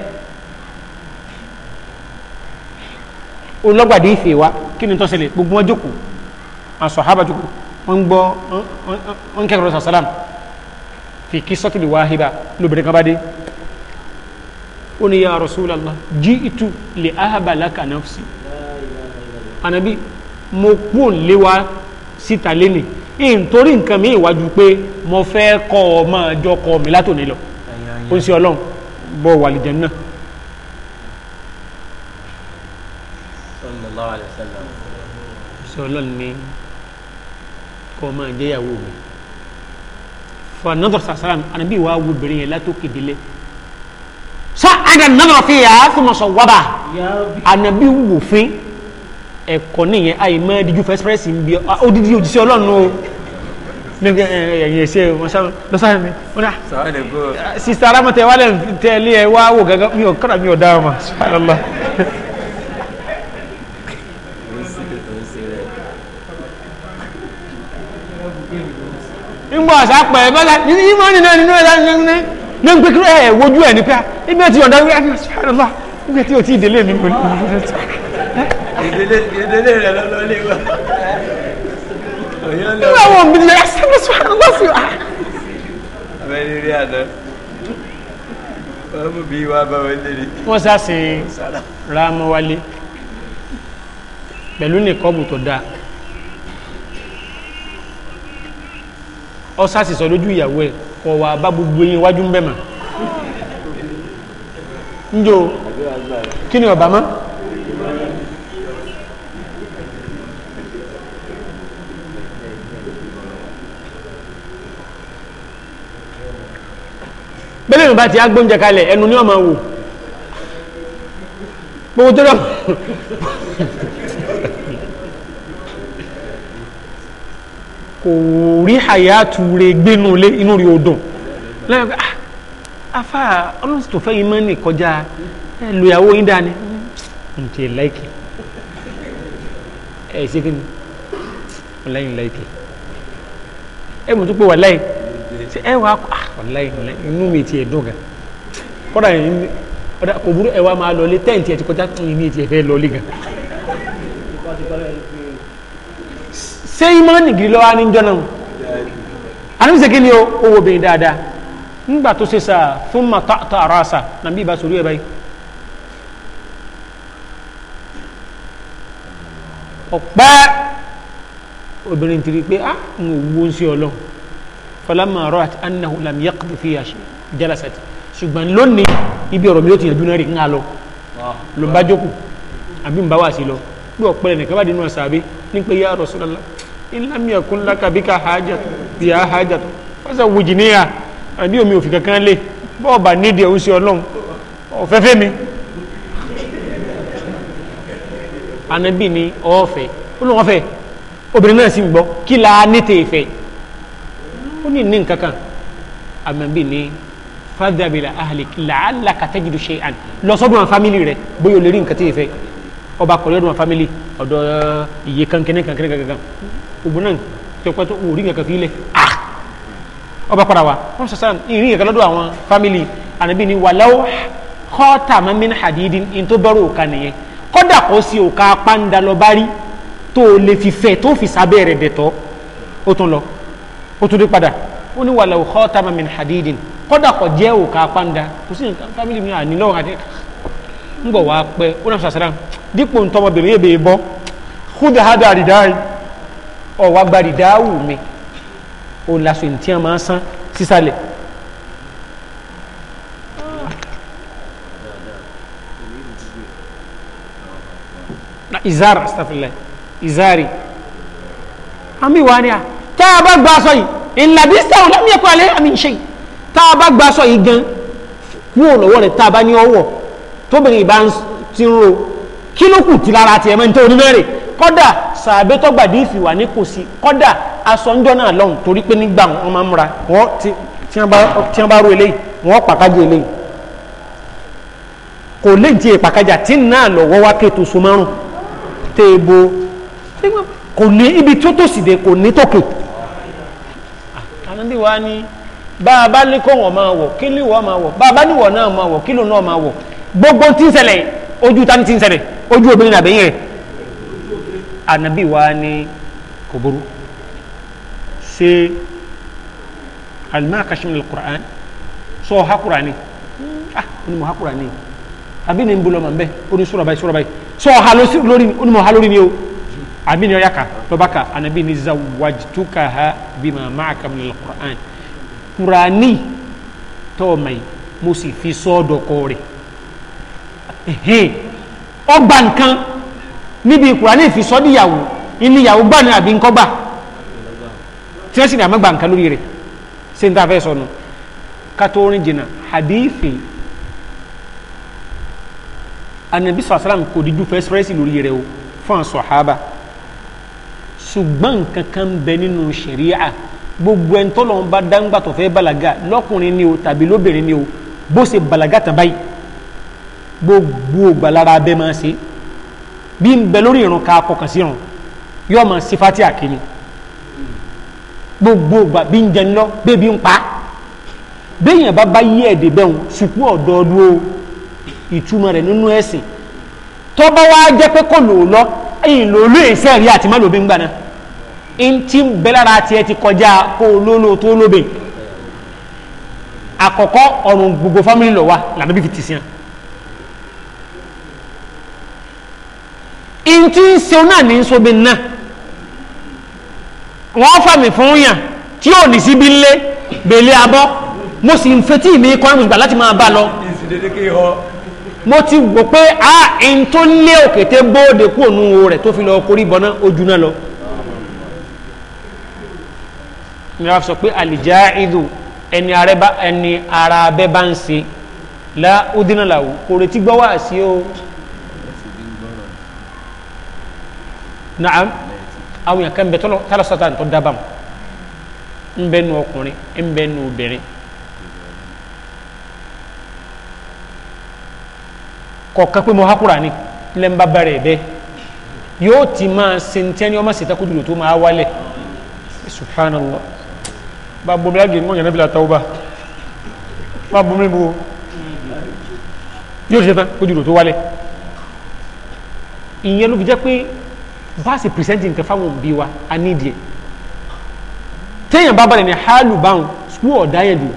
olọ́gbàdé ìfẹ́ wa kí ni tó ṣẹlẹ̀ gbogbo wọn jókòó àwọn sọ̀hábà jókòó wọn gbọ́ wọn kẹ́kọ̀ọ́ lọ́sọ̀ sálàm fi kí sọ́tìlì wáhídà lóbìnrin kan bá dé ó ní ya rasulallah jiitu li ahaba laka nafsi anabi mo kú òǹlé síta lénìí nítorí nǹkan mi ìwájú pé mo fẹ́ kọ́ ọ máa jọ kọ́ mi látòní lọ ó ń ṣe ọlọ́run bọ́ wàlìjẹ́ náà. sallallahu alaihi wasallam ṣe ọlọ́run ní kọ́ máa jẹ́ ìyàwó mi fanadọ sasalam anabi wa wo obìnrin yẹn látó kedele sa adanadọ fi yà á fi mọ̀ wábà anabi wò fún ẹ̀kọ́ nìyẹn àyè mọ́ díjú first press ń bí ọ dídí òjíṣẹ́ ọlọ́run o ẹ̀yìn ẹ̀ṣẹ́ lọ́sàn-án mi ó dà sista aramọ tẹ wálẹ̀ tẹ́lẹ̀ ẹ wá wò gángan mi ò kọ́ra mi ò dá ọmọ subhanallah. ngbọ́ àṣà pẹ̀ ẹ̀ bọ́lá nínú ìmọ̀ nínú ẹ̀ nínú ẹ̀ nínú ẹ̀ ní n pékeré ẹ̀ wojú ẹ̀ nípa ibi ẹ̀ ti yọ̀ǹda wíwá subhanallah nígbà tí o ti délé mi mo ìdílé rẹ̀ lọ́lọ́ lé wa. nígbà wo mi lè sẹ́mi sọ àkọ́kọ́ sí wa. abẹ́rẹ́ rí àná wọ́n mú bí wá bá wọlé rí. wọ́n sàṣin ramọ́wálé pẹ̀lú nìkọ́bù tó dáa ọsá sì sọ lójú ìyàwó ẹ̀ kọ̀ wà bá gbogbo yín wájú ń bẹ̀ mà ń jò kí ni ọ̀bà mọ́. bẹ́lẹ̀ nùbá ti agbóúnjẹ kalẹ̀ ẹnu ní ọmọ wò gbogbo tó dọ̀ kò rí àyàtú rẹ̀ gbénu lé inú rí odùn lẹ́yìn ah, afá ọlọ́run sì tó fẹ́ yín mọ́nì kọjá ẹ lu ìyàwó yín dání ǹjẹ́ láìkì ẹ̀ ṣe kí ni ọ̀làyìn láìkì ẹ̀ mọ̀ tó pé wà láìkì ṣe ẹ wá kọ ọláyìn ah, inú mi tiẹ̀ dùn gan kọ́dà ọ̀dà kò burú ẹ wá máa lọlé tẹ́ǹtì ẹ̀ ti kọjá tún mi tiẹ̀ fẹ́ lọlé gan. ṣé ìmọ̀ọ́nì gírí lọ́wọ́ ní jọ́nà àdúgbò ṣe kí ni o owó bẹ̀rẹ̀ dáadáa nígbà tó ṣe sà fún màtàtà ara sà nàbí ìbá sórí ẹ̀ báyìí. ọ̀pẹ́ obìnrin tiri pé ah n wo ń ṣe ọlọ́run falamma ra'at annahu lam yaqdi fiha jalasat ṣùgbọ́n lónìí ibi ọ̀rọ̀ mi ló ti yànjú náà rí ńlá lọ ló ń bá jókòó àbí ń bá wá sí lọ bí ọ̀pẹ̀lẹ̀ nìkan bá dínú àṣàbí ní pé ya Rasulullah in lam yakun laka bika hajatu biha hajatu fọ́sẹ̀ wùjìníyà àbí omi òfin kankan lé bọ́ọ̀bà nídìí ẹ̀ ń ṣe ọlọ́run ọ̀fẹ́fẹ́ mi anabi ni ọ̀ọ́fẹ́ olùwọ́fẹ́ obìnrin náà sì ń gbọ́ kí la ní tèèfẹ́ ó ní ní nǹkan kan àmàbí ní fàdàbílà ahlik làálà kàtẹ́jìdù ṣe àn lọ́sọ́dún àwọn fámìlì rẹ bóyá o lè rí nǹkan tí ì fẹ́ ọba kọ̀ọ̀lẹ́ ọdún àwọn fámìlì ọ̀dọ̀ eh, iye kankẹ́nẹ́ kankẹ́nẹ́ kankan ògbó náà tó wò rí nǹkan fílẹ̀ ah ọba padà wá wọn sọ sáà ìrìn nǹkan lọ́dọ̀ àwọn fámìlì ànàbí ní wàláwó kọ́ọ̀tà mọ́mí hadidin in tó bọ́rọ̀ òka nìyẹn kọ́dà kó sí òka apá ń tó o lè fi fẹ́ tó fi sábẹ́ rẹ̀ dẹ̀tọ́ ó tún lọ ó tún dé padà ó ní wàlẹ̀ òkọ́ tàmà min hadidin kọ́dà kọ̀ jẹ́ òkà apáńdà kò sí nǹkan fámìlì mi àní lọ́wọ́ àti ń bọ̀ wá pẹ́ ó náà sàṣàrà dípò ń tọmọbìnrin yébè bọ́ kúdà á dà rìdá ọ̀wà gba rìdá wù mí ó lasọ ìtì àmà sán sísàlẹ̀. izar astafillah izari àmì wà ní à tá a bá gba aṣọ yìí ìlàbí sẹ́wọ̀n lẹ́mí ẹ̀kọ́ alẹ́ àmì ìṣe yìí tá a bá gba aṣọ yìí gan kúrò lọ́wọ́ rẹ̀ tá a bá ní ọwọ́ tóbìnrin ìbá ti ń ro kí ló kù ti lára tiẹ̀ mẹ́ni tó onímẹ́rẹ̀ kọ́dà sàbẹ́ tó gbàdí ìfì wà ní kò sí kọ́dà aṣọ ń jọ́nà lọ́hùn torí pé nígbà wọn máa ń múra wọn tí wọn bá ro eléyìí wọn pàkájọ eléyìí kò lè jẹ ìpàkájà tí náà lọ́wọ́ wá kéètò so márùn-ún téèbo kò ní ibi tó tòsí de kò ní tòkè ànábì wa ni bá a bá ní kó wọn máa wọ̀ kí lè wọ́n máa wọ̀ bá a bá níwọ̀ náà máa wọ̀ kí lò náà máa wọ̀ gbogbo tí ń ṣẹlẹ̀ ojú ta ni tí ń ṣẹlẹ̀ ojú obìnrin àbẹ̀yìn rẹ̀ ànábì wa ni kò burú ṣe alimá kashim ní sọ ha kur'ani ah onímọ̀ ha kur'ani àbí ni ń bolo màá bẹ́ẹ̀ oníṣòro báyìí sọ̀rọ̀ báyìí sọ ha lórí onímọ̀ ha lórí ni o abi ne yaka babaka anabi ni zawajtuka ha bima ma'aka min alquran qurani to mai mo sì fi sọ́dọ̀ kọ rẹ̀ ọgbà nǹkan níbi qurani fi sọ́dọ̀ ìyàwó ilé ìyàwó gbà ní àbí nkọ́ gbà tí wọ́n sì ní àmọ́gbà nǹkan lórí rẹ̀ ṣé n ta fẹ́ sọnù hadithi anabi sọ asalam kò díjú fẹ́ sọ́rẹ́sì lórí rẹ̀ o fún àwọn ṣùgbọ́n nǹkan kan bẹ nínú ṣẹ̀ríà gbogbo ẹni tó lọ́n bá dáńgbà tó fẹ́ balaga lọ́kùnrin ni o tàbí lóbìnrin ni o bó ṣe balaga tán báyìí gbogbo ògbàlára abẹ́ máa ṣe bí ń bẹ lórí ìrun ká kọkàn sí ìrun yóò máa ṣe fati àkínní gbogbo ògbà bí ń jẹun lọ bébí ń pa béèyàn bá bá yí ẹ̀dẹ̀ bẹ́ẹ̀ hùn sùkú ọ̀dọ́ọdún ìtumọ̀ rẹ̀ nínú ẹ̀sìn tọ́ba wa jẹ́ pé kò lò ó lọ ìlòlú ìṣe rí àti má lóbi ń gbà náà ntí bẹ́lára tiẹ̀ ti kọjá kó lólo tó lóbe àkọ́kọ́ ọ̀run gbogbo fámìlì lọ wa lànà bí fi tì sí hàn. ntí ń ṣe náà ní nsobi náà wọ́n fàmì fún yàn tí yóò ní síbi ńlé bèlè abọ́ mo sì ń fetí mi kọ́ ẹ́ mo gbà láti máa bá a lọ. mo ti wò pé a n tó lé òkété bóde kú òun rẹ̀ tó fi lọ korí bọ́ná ojú náà lọ. mìíràn sọ pé àlìjá ìdù ẹni ara abẹ́ bá ń ṣe lá ó dínà làwù kò retí gbọ́ wá sí o. naam àwọn èèyàn kan bẹ tọ́lọ́ sátán tó dábàm ń bẹ nu ọkùnrin ń bẹ nu obìnrin. kọ̀ọ̀kan pé mo há Kùránì lẹ́ ń bá bẹ̀rẹ̀ bẹ́ẹ̀ yóò ti máa ṣe ní tẹ́ni ọmọ ṣètẹ́kù dùnú tó máa wálẹ̀ subhanallah bá a bomi lágbèé mọ̀nyàn nábìlà tawba bá a bomi bo yóò ti ṣe tán kó dùnú tó wálẹ̀ ìyẹn ló fi jẹ́ pé bá a ṣe pìrìsẹ́ntì nǹkan fáwọn òbí wa a nídìí téèyàn bá balẹ̀ ní hálù báwọn sùkúù ọ̀dá yẹn dùn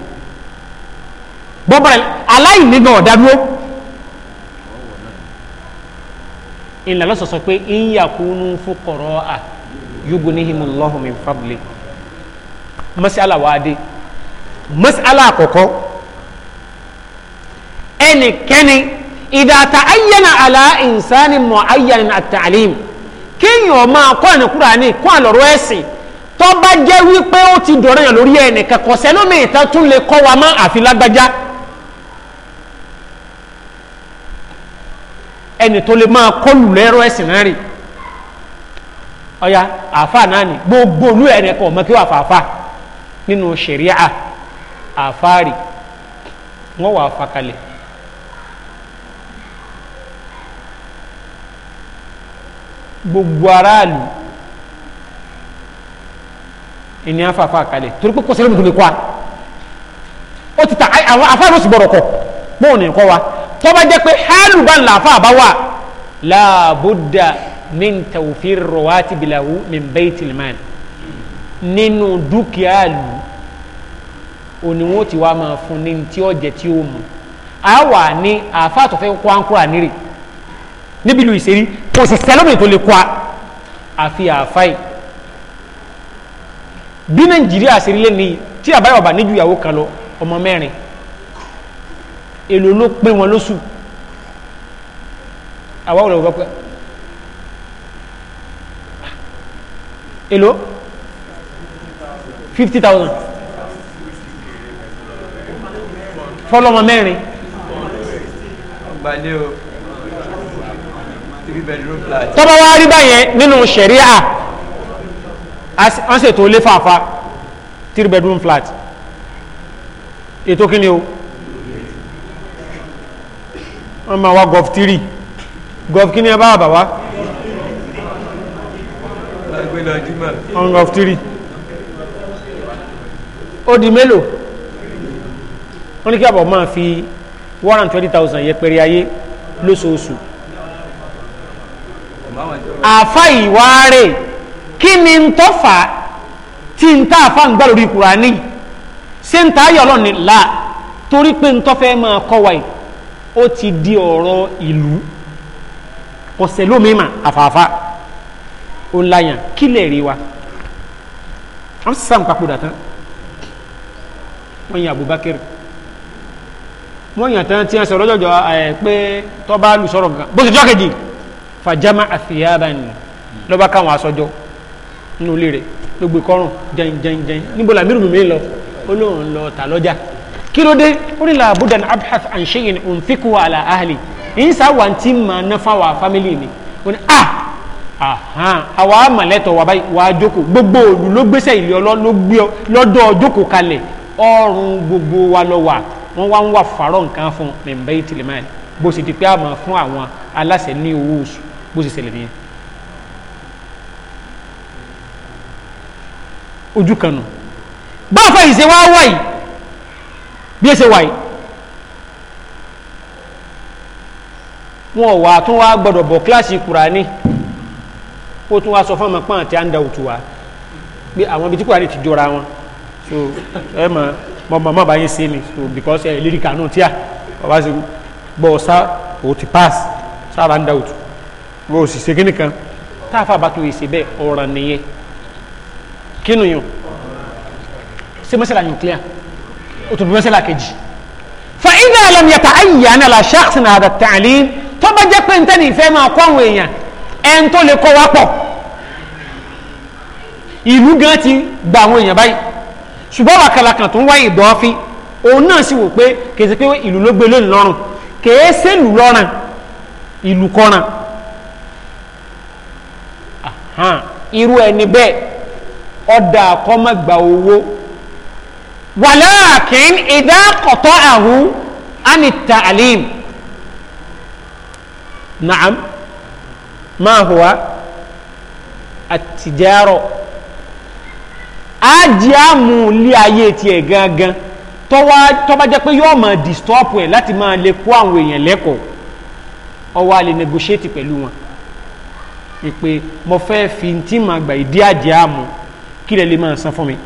bọ́ balẹ̀ aláìnígbà ọ̀dá dúró. ìlànà lọ́sọ̀sọ̀ pé ìyàkúnú fúkọ̀rọ̀ à yugunihimullahu min fadli masala wáde masala àkọ́kọ́ ẹnikẹ́ni ìdàtà ayyana ala insani mọ̀ ayyana àtàlím kéèyàn máa kọ́ ẹ̀nà Kùránì kọ́ àlọ́rọ́ ẹ̀sìn tó bá jẹ́ wípé ó ti dọ̀rọ̀ yàn lórí ẹnìkan kọ̀ọ̀sẹ́ lómi ìtàn tún lè kọ́ wa mọ́ àfi lágbájá ẹni tó lè máa kọlù lẹ́rọ ẹ̀sìn náà rè ọ̀ya àáfà náà ni gbogbo olú ẹ̀rẹ̀ kan ọ̀mọ́ kí wà fàáfà nínú ṣẹ̀ríà àáfà rè wọ́n wà fàkalẹ̀. gbogbo aráàlú ìní afáfá kalẹ̀ torí pé kò tó lè kọ́ a ó ti ta àwọn afáàlú sì gbọ́dọ̀ kọ́ bóun ní kọ́ wa tó bá jẹ́ pé hálù bá ń làáfà bá wà làbúdà min tawfir rọwati bilawu min baitil man nínú dúkìá lù òní wọn ti wá máa fún ní tí ó jẹ tí ó mu a wà ní àáfà tó kó àǹkúrà nírè níbi ìlú ìṣerí kò sì sẹlómi tó lè kó a àfi àáfà bí nàìjíríà ṣe rí lẹ́ni tí àbáyọ̀ bá níjú ìyàwó kan lọ ọmọ mẹ́rin èlò ló pé wọn lóṣù àwọn òrò gbọ́pẹ́ èlò 50,000 fọ́lọ́mọ mẹ́rin tọ́bọ̀ wá rí báyẹn nínú ṣẹ̀ríà wọ́n sì tó lé fàáfá 3 bedroom flat ètò kí ni o wọ́n máa wá gọf tírì gọf kí ni ẹ bá bàbá on gọf tírì ó di mélòó wọ́n ní kí àbọ̀ máa fi 120.000 hundred twenty thousand yẹ pẹ̀rẹ̀ ayé lóṣooṣù àfa ìwárẹ̀ kí ni ń tọ́fà tí ń tá àfa ń gbà lórí Kùránì ṣé ń tá ayọ̀ lọ́ni là torí pé ń tọ́fẹ́ máa kọ́ wa ó ti di ọ̀rọ̀ ìlú ọ̀sẹ̀ lómìíma àfààfà ó láyàn kílẹ̀ rí wa wọ́n sì sáà ń papòdà tán wọ́n yin Abubakar wọ́n yàn tán tí wọ́n sọ̀rọ̀ lọ́jọ́jọ́ ẹ̀ pé tọ́ba lù sọ̀rọ̀ gan bó ṣe jọ́ kejì fàjámà àfìyàbà ni lọ́ba káwọn aṣọjọ́ nínú ilé rẹ̀ ló gbé kọ́rùn jẹun jẹun jẹun níbo làmírù lọ ó lóun lọ tà lọ́jà kí ló dé ó ní làbúdàn abhath an shayin unfiku ala ahli ń sá wà tí mà ná fáwọn fámìlì mi ó ní a ah, ahan àwa àmàlẹ́tọ̀ wà báyìí wà á jókòó gbogbo òlù ló gbéṣẹ́ ìlú ọlọ́ ló gbé ọ lọ́dọ̀ jókòó kalẹ̀ ọrùn gbogbo wa lọ wà wọ́n wá ń wà fàárọ̀ nǹkan fún mẹ̀mbẹ́ ìtìlẹ̀máì bó sì ti pé àmọ́ fún àwọn aláṣẹ ní owó oṣù bó sì ṣẹlẹ̀ nìyẹn. ojú kan nù bá a fẹ́ ìṣe wá wáyìí bí ẹ ṣe wà yìí wọn ò wà tún wá gbọ́dọ̀ bọ̀ kíláàsì kùránì ó tún wá sọ fún ọmọ pọ́n àti àǹdà òtù wa pé àwọn ibi tí kùránì ti jọra wọn so ẹ mọ mọ mọ mọ báyìí sí ni so because ẹ lérí kanú tíà ọba ṣe gbọ́ ọ̀sá òtì pass sábà àǹdà òtù wọ́n ò sì ṣe kíní kan táàfà bá tó ìṣe bẹ́ẹ̀ ọ̀ràn nìyẹn kínú yàn ṣé mọ́ṣáláyàn clear ó tún fi mẹ́sẹ̀lá kejì fa idha lam yata'ayyan ala shakhsin hadha at-ta'lim tó bá jẹ́ pé ntẹ́ni ìfẹ́ máa kọ́ àwọn èèyàn ẹn tó lè kọ́ wá pọ̀ ìlú gan ti gba àwọn èèyàn báyìí ṣùgbọ́n wà kàlàkàn tó ń wáyé ìdọ́fín òun náà sì wò pé kèsì pé ìlú ló gbé lónìí lọ́rùn ìlú lọ́rùn ìlú kọ́ràn irú ẹni bẹ́ẹ̀ ọ̀dà àkọ́mọ̀gbà owó walakin idha qata'ahu an at-ta'lim na'am ma huwa at-tijara ájì àmú ilé ayé tiẹ̀ gangan tọ́ba jẹ́ pé yóò máa distop ẹ̀ láti máa lè kó àwọn èèyàn lẹ́kọ̀ọ́ ọwọ́ a lè negotiate pẹ̀lú wọn ìpè mo fẹ́ fi ìdí àjẹ́ àmú kí lè lè máa san fún mi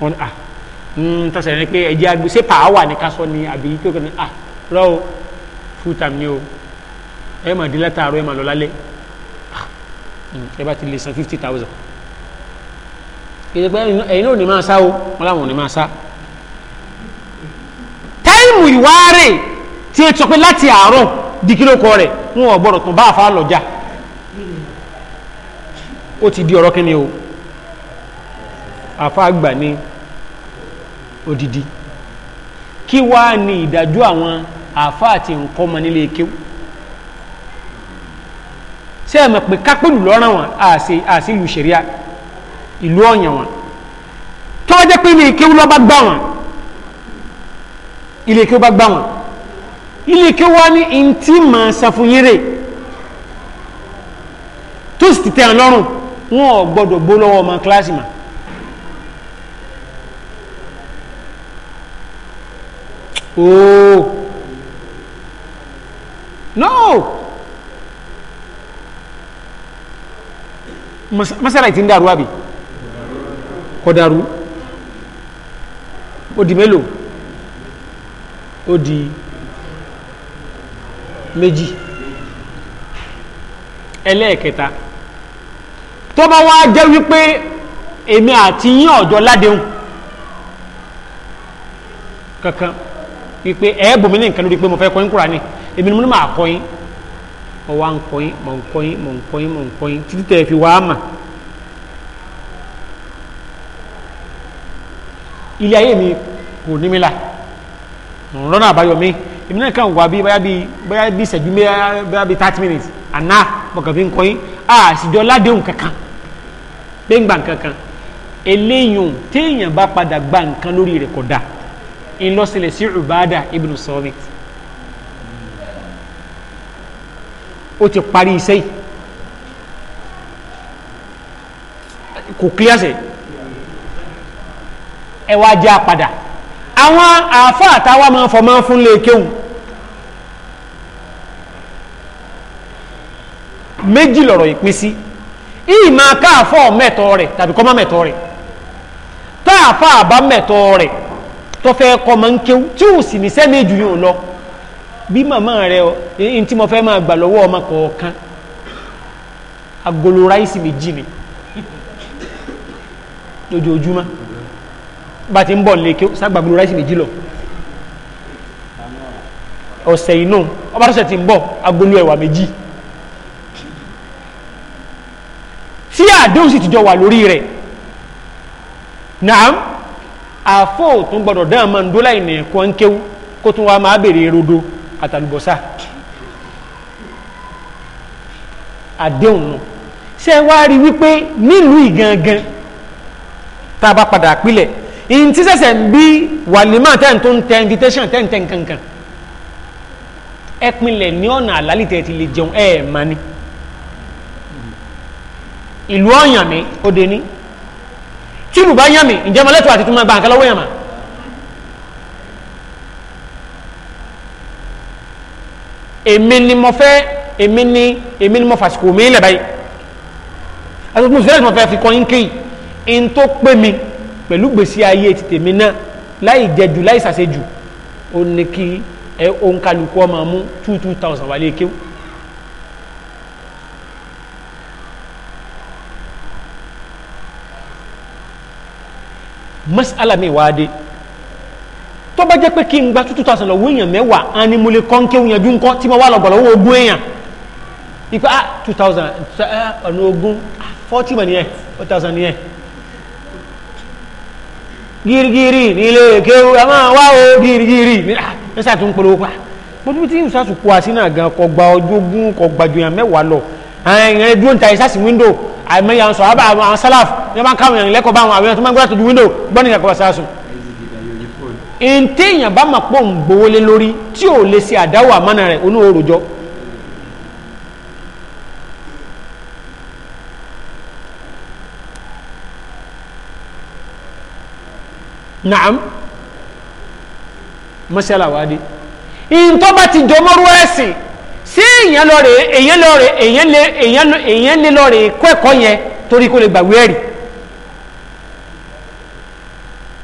wọn ah Hmm, tọ́sẹ̀ ní pé ẹ̀jẹ̀ agbe ṣé pàá wà ní kásán ni àbí kí o kàn ní à ah, rọ o full time ni o ẹ mà dín látàárọ̀ ẹ mà lọ lálẹ́ ah, ẹ bá ti lè san fifty thousand ìdẹ́gbẹ́ ẹ̀yin náà ò ní máa sá o wọn làwọn ò ní máa sá táìmù ìwárè tí ẹ sọ pé láti àárọ̀ di kílókọ rẹ̀ wọn ò gbọ́dọ̀ tún bá ti di ọ̀rọ̀ kí o àfa àgbà ni odidi kí wàá ní ìdájọ́ àwọn àáfàá àti nǹkan ọmọ nílé kéwù ṣé ẹ mọ̀ pé kápẹ́lù lọ́ràn wọn àṣì ìlú ṣẹ̀ríà ìlú ọ̀yàn wọn tọ́ jẹ́ pé ilé kéwù lọ́ bá gbà wọn ilé kéwù bá gbà wọn ilé kéwù wá ní ntí màá ṣàfùyérè tó sì ti tẹ̀ ẹ́ lọ́rùn wọn ò gbọ́dọ̀ gbó lọ́wọ́ ọmọ kíláàsì màá. oh no masala ti ń dàrú àbí kò dàrú ó di mélòó ó di méjì ẹlẹ́ẹ̀kẹta tó bá wá jẹ́ wípé èmi àti yín ọ̀jọ́ ládéhùn kankan wípé ẹ bùnmi ní nǹkan lórí pé mo fẹ́ kọyín kúránì èmi ni mo ní máa kọyín mo wá ń kọyín mo ń kọyín mo ń kọyín mo ń kọyín títí tẹ̀ fi wá mà ilé ayé mi kò ní mi là lọ́nà àbáyọ mi èmi náà kàn wá bí báyà bí báyà bí ìṣẹ́jú báyà bí thirty minutes àná mo kàn fi ń kọyín àṣìjọ ládéhùn kankan pé ń gbà kankan eléyìí téèyàn bá padà gba nǹkan lórí rẹ̀ kò dáa ìlọsílẹ̀ sí Ubada ibn Samit ó ti parí iṣẹ́ kò kíyàsẹ̀ ẹ wá já padà àwọn àáfà àtàwà máa fọ máa fún léèkéhùn méjì lọ̀rọ̀ ìpín sí ìyí máa káàfọ́ mẹ́tọ́ rẹ̀ tàbí kọ́mọ́ mẹ́tọ́ rẹ̀ táàfà àbá rẹ̀ tó fẹ́ kọ́ máa ń kéwú tí ò sì ní sẹ́mi jù yóò lọ bí màmá rẹ ọ ní tí mo fẹ́ máa gbà lọ́wọ́ ọmọ kọ̀ọ̀kan agolo ráìsì méjì ni lójoojúmọ́ bá ti ń bọ̀ lè kéwú sá gbàgbọ́ ráìsì méjì lọ ọ̀sẹ̀ inú ọba tó ti ń bọ̀ agolo ẹ̀wà méjì. tí àdéhùn sì ti jọ wà lórí rẹ̀ naam àfọ́ tún gbọ́dọ̀ dán àmà ń dólà ìní ẹ̀kọ́ ń kéwú kó tún wá máa bèrè rodo àtàlùbọ́sà àdéhùn nù ṣé ẹ wá rí wípé nílùú ìgangan tá a bá padà pílẹ̀ ìyìn tí sẹ̀sẹ̀ ń bí wàlímà tẹ́ǹ tó ń tẹ invitation tẹ́ǹ tẹ́ǹ kankan ẹ pinlẹ̀ ní ọ̀nà àlálìtẹ̀ ti lè jẹun ẹ̀ẹ̀ ìlú ọ̀yàn mi ó de ní tí lù bá yàn mí ǹjẹ́ mo lẹ́tọ̀ọ́ àti tí mo gba nǹkan lọ́wọ́ yàn mà. èmi ni mo fẹ́ èmi ni èmi ni mo fàṣìkò mi lẹ̀ báyìí àti mo fẹ́ mo fẹ́ fi kọ́ yín kéyì n tó pé mi pẹ̀lú gbèsè ayé ti tèmi náà láì jẹjù láì sàṣejù ó ní kí ẹ òǹkàlùkù ọmọ mú two two thousand wálé kéwù. masala mi wá dé tó bá jẹ́ pé kí n gba two thousand lọ́wọ́ èèyàn mẹ́wàá á ní mo lè kọ́ ń kéwòn yanjú ńkọ́ tí mo wà lọ́gbọ̀n lọ́wọ́ ogún èèyàn ipa ah two thousand ọ̀nà ogún ah, forty mọ̀ nìyẹn four thousand nìyẹn gírígírí nílé kéwù a máa wá o gírígírí ní ah, ṣáà tún polówó pa mo tún ti ń sàtúnkù àti náà gan kọ gba ọjọ́ ogún kọ gbàdúyàn mẹ́wàá lọ ẹ̀ẹ́dúró ń ta ìsásí wíńdò àìmọye àwọn sọ̀rọ̀ àbá àwọn sálàf ní wọn káwọn èèyàn lẹ́kọ̀ọ́ bá àwọn àwọn tó máa ń gbọ́dọ̀ tójú wíńdò gbọ́dọ̀ ìyàkọ̀ sàásù. ìntèèyàn bá máa pọ̀ ń gbowó lé lórí tí ò lè ṣe àdáwò àmánà rẹ̀ onú òròjọ́. naam masala wadi ìntọ́ bá ti jọmọ́rú ẹ̀sìn sí èèyàn lọ rè èèyàn lọ rè èèyàn lè èèyàn lè lọ rè kọ́ ẹ̀kọ́ yẹn torí kó lè gbàgbé ẹ̀rì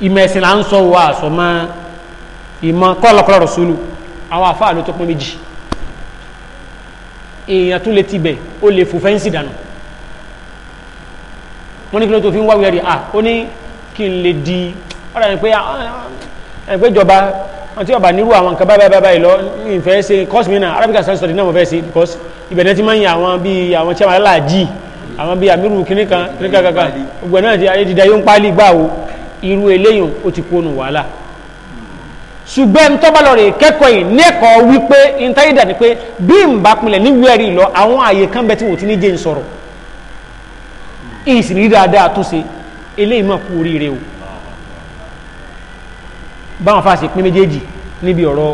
ìmọ̀ ẹ̀sìn là ń sọ wọ àṣọ mọ́ ìmọ̀ kọ́lọ̀kọ́lọ̀ rọ̀ṣúlù àwọn àfáà ló tó pín méjì èèyàn tún lè tibẹ̀ ó lè fò fẹ́ǹsì dànù wọ́n ní kí ló tó fi ń wáwé ẹ̀rì à ó ní kí n lè di ọ̀rọ̀ ẹ̀ pé ìjọba wọn tí ọba nírú àwọn nǹkan báyìí báyìí lọ ìfẹ́ ṣe course mi náà arabic science study náà mo fẹ́ ṣe because ibẹ̀ náà ti máa ń yan àwọn bíi àwọn chairman aláàjì àwọn bíi amiru kìnnì kan kìnnì kan kankan gbogbo náà ti ayé dídá yóò ń pálí gbà wo irú eléyìí ó ti kónú wàhálà ṣùgbọ́n tọ́balọ̀ rẹ̀ kẹ́kọ̀ọ́ yìí nẹ́kọ̀ọ́ wípé intanida ni pé bí n bá pinlẹ̀ níbi ẹ̀rí lọ àwọn àyè kan bẹ tí wò tún ní jẹ́ ń báwọn fàṣẹ pín méjèèjì níbi ọ̀rọ̀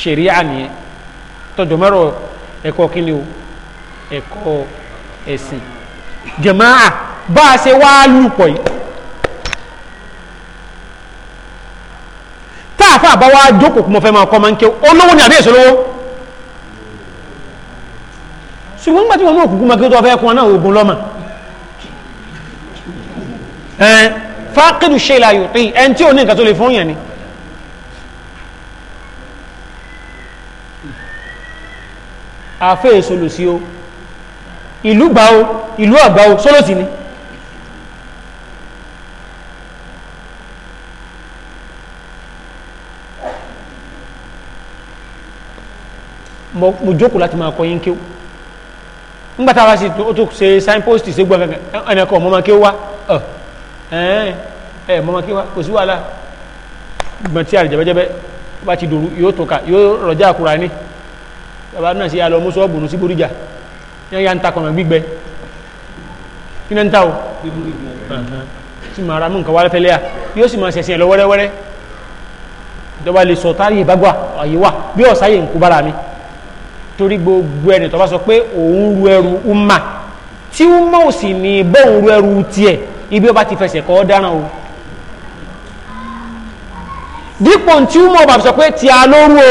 ṣẹ̀ríà nìyẹn tọjọ mẹ́rọ ẹ̀kọ́ kíni o ẹ̀kọ́ ẹ̀sìn jẹ̀máà bá a ṣe wá lùpọ̀ yìí táàfà bá wá jókòó kó mo fẹ́ máa kọ́ máa ń ké olówó ni àbí èso lówó ṣùgbọ́n nígbà tí wọ́n mú òkùnkùn máa kí tó fẹ́ kún ọ náà ogun lọ́mà ẹ̀ fákìlù ṣe la yóò tí ẹni tí ò ní nǹkan tó lè fún yẹn ni. àfẹ́ sọlọ́sí o ìlú gbà o ìlú àgbà o sọlọ́sí ni. mo jókòó láti máa kọ́ yín kí o ńgbàtà wá sí o tó ṣe signpost ṣe gbọ́ ẹnìkan ọmọ máa kí o wá ẹ ẹ mọ̀mọ́ kí kò sí wàhálà gbọ̀n tí àrìjẹ̀bẹ́jẹ́bẹ́ bá ti dòru yóò tún yóò rọjá àkúrà ní bàbá náà sí alọ mú sọ́ọ̀bù ní sí boríjà yẹn ya ń ta kọ̀nà gbígbẹ kí ni ń ta o sì máa ra mú nǹkan wálé fẹ́lẹ́ à yóò sì máa ṣẹ̀sìn ẹ̀ lọ wẹ́rẹ́wẹ́rẹ́ ìjọba lè sọ táyé ìbágbà àyè wà bí ọ̀sáyè ń kú bára mi torí gbogbo ẹni tó bá sọ pé òun ru ẹrù umma tí umma ò sì ní bóun ru ẹrù tiẹ̀ ibi ọba ti fẹsẹ̀ kọ́ dáràn o dípò tí ó mọ̀ bàbá sọ pé tí a lóru o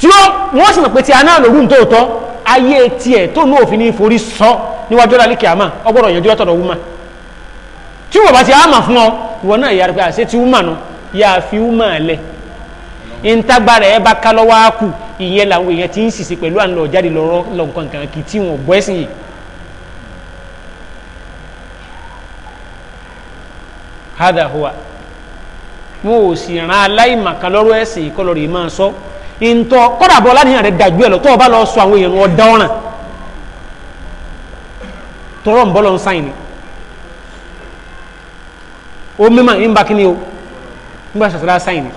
tí ó wọ́n sì mọ̀ pé tí a náà lóru nítòótọ́ ayé tiẹ̀ tó ní òfin ní forí sọ níwájú ọ̀la líkì àmà ọgbọ́dọ̀ yànjú ọ̀tọ̀dọ̀ wúmà tí wọ́n bá ti àmà fún ọ ìwọ náà yára pé àṣẹ ti wúmà nu yà fi wúmà lẹ̀ ntagbara ẹ bá ká lọ́wọ́ á kù ìyẹn làwọn èèyàn ti ń sìsì pẹ̀lú à ń lọ́rọ́ lọ́nkànkàn kì í tí wọn ò bọ́ ẹ̀sìn yìí hada huwa wọn ò sì ràn aláìmọ̀kan lọ́rọ̀ ẹ̀sìn ìkọlọ́rọ̀ yìí máa sọ ntọ́ kọ́dà bọ́ ládìyàn rẹ̀ dàgbé ẹ̀ lọ tó o bá lọ sọ àwọn èèyàn ọ̀dá ọ̀ràn tọrọ ń o ń bá ṣàṣàlá sáyìn ni.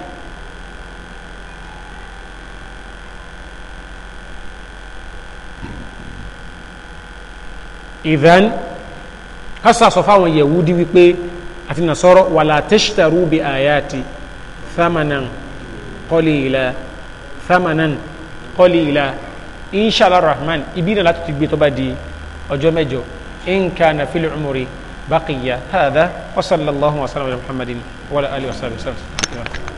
ìdán kásá àti nasọ́rọ̀ wàlá tashtaru bí àyàtì thamanan qalila thamanan qalila insha Allah rahman ibina náà láti gbé tó badi ọjọ́ mẹ́jọ in kana fil umri baqiya hadha wa sallallahu wa sallam ala muhammadin wa ala alihi wa sallam.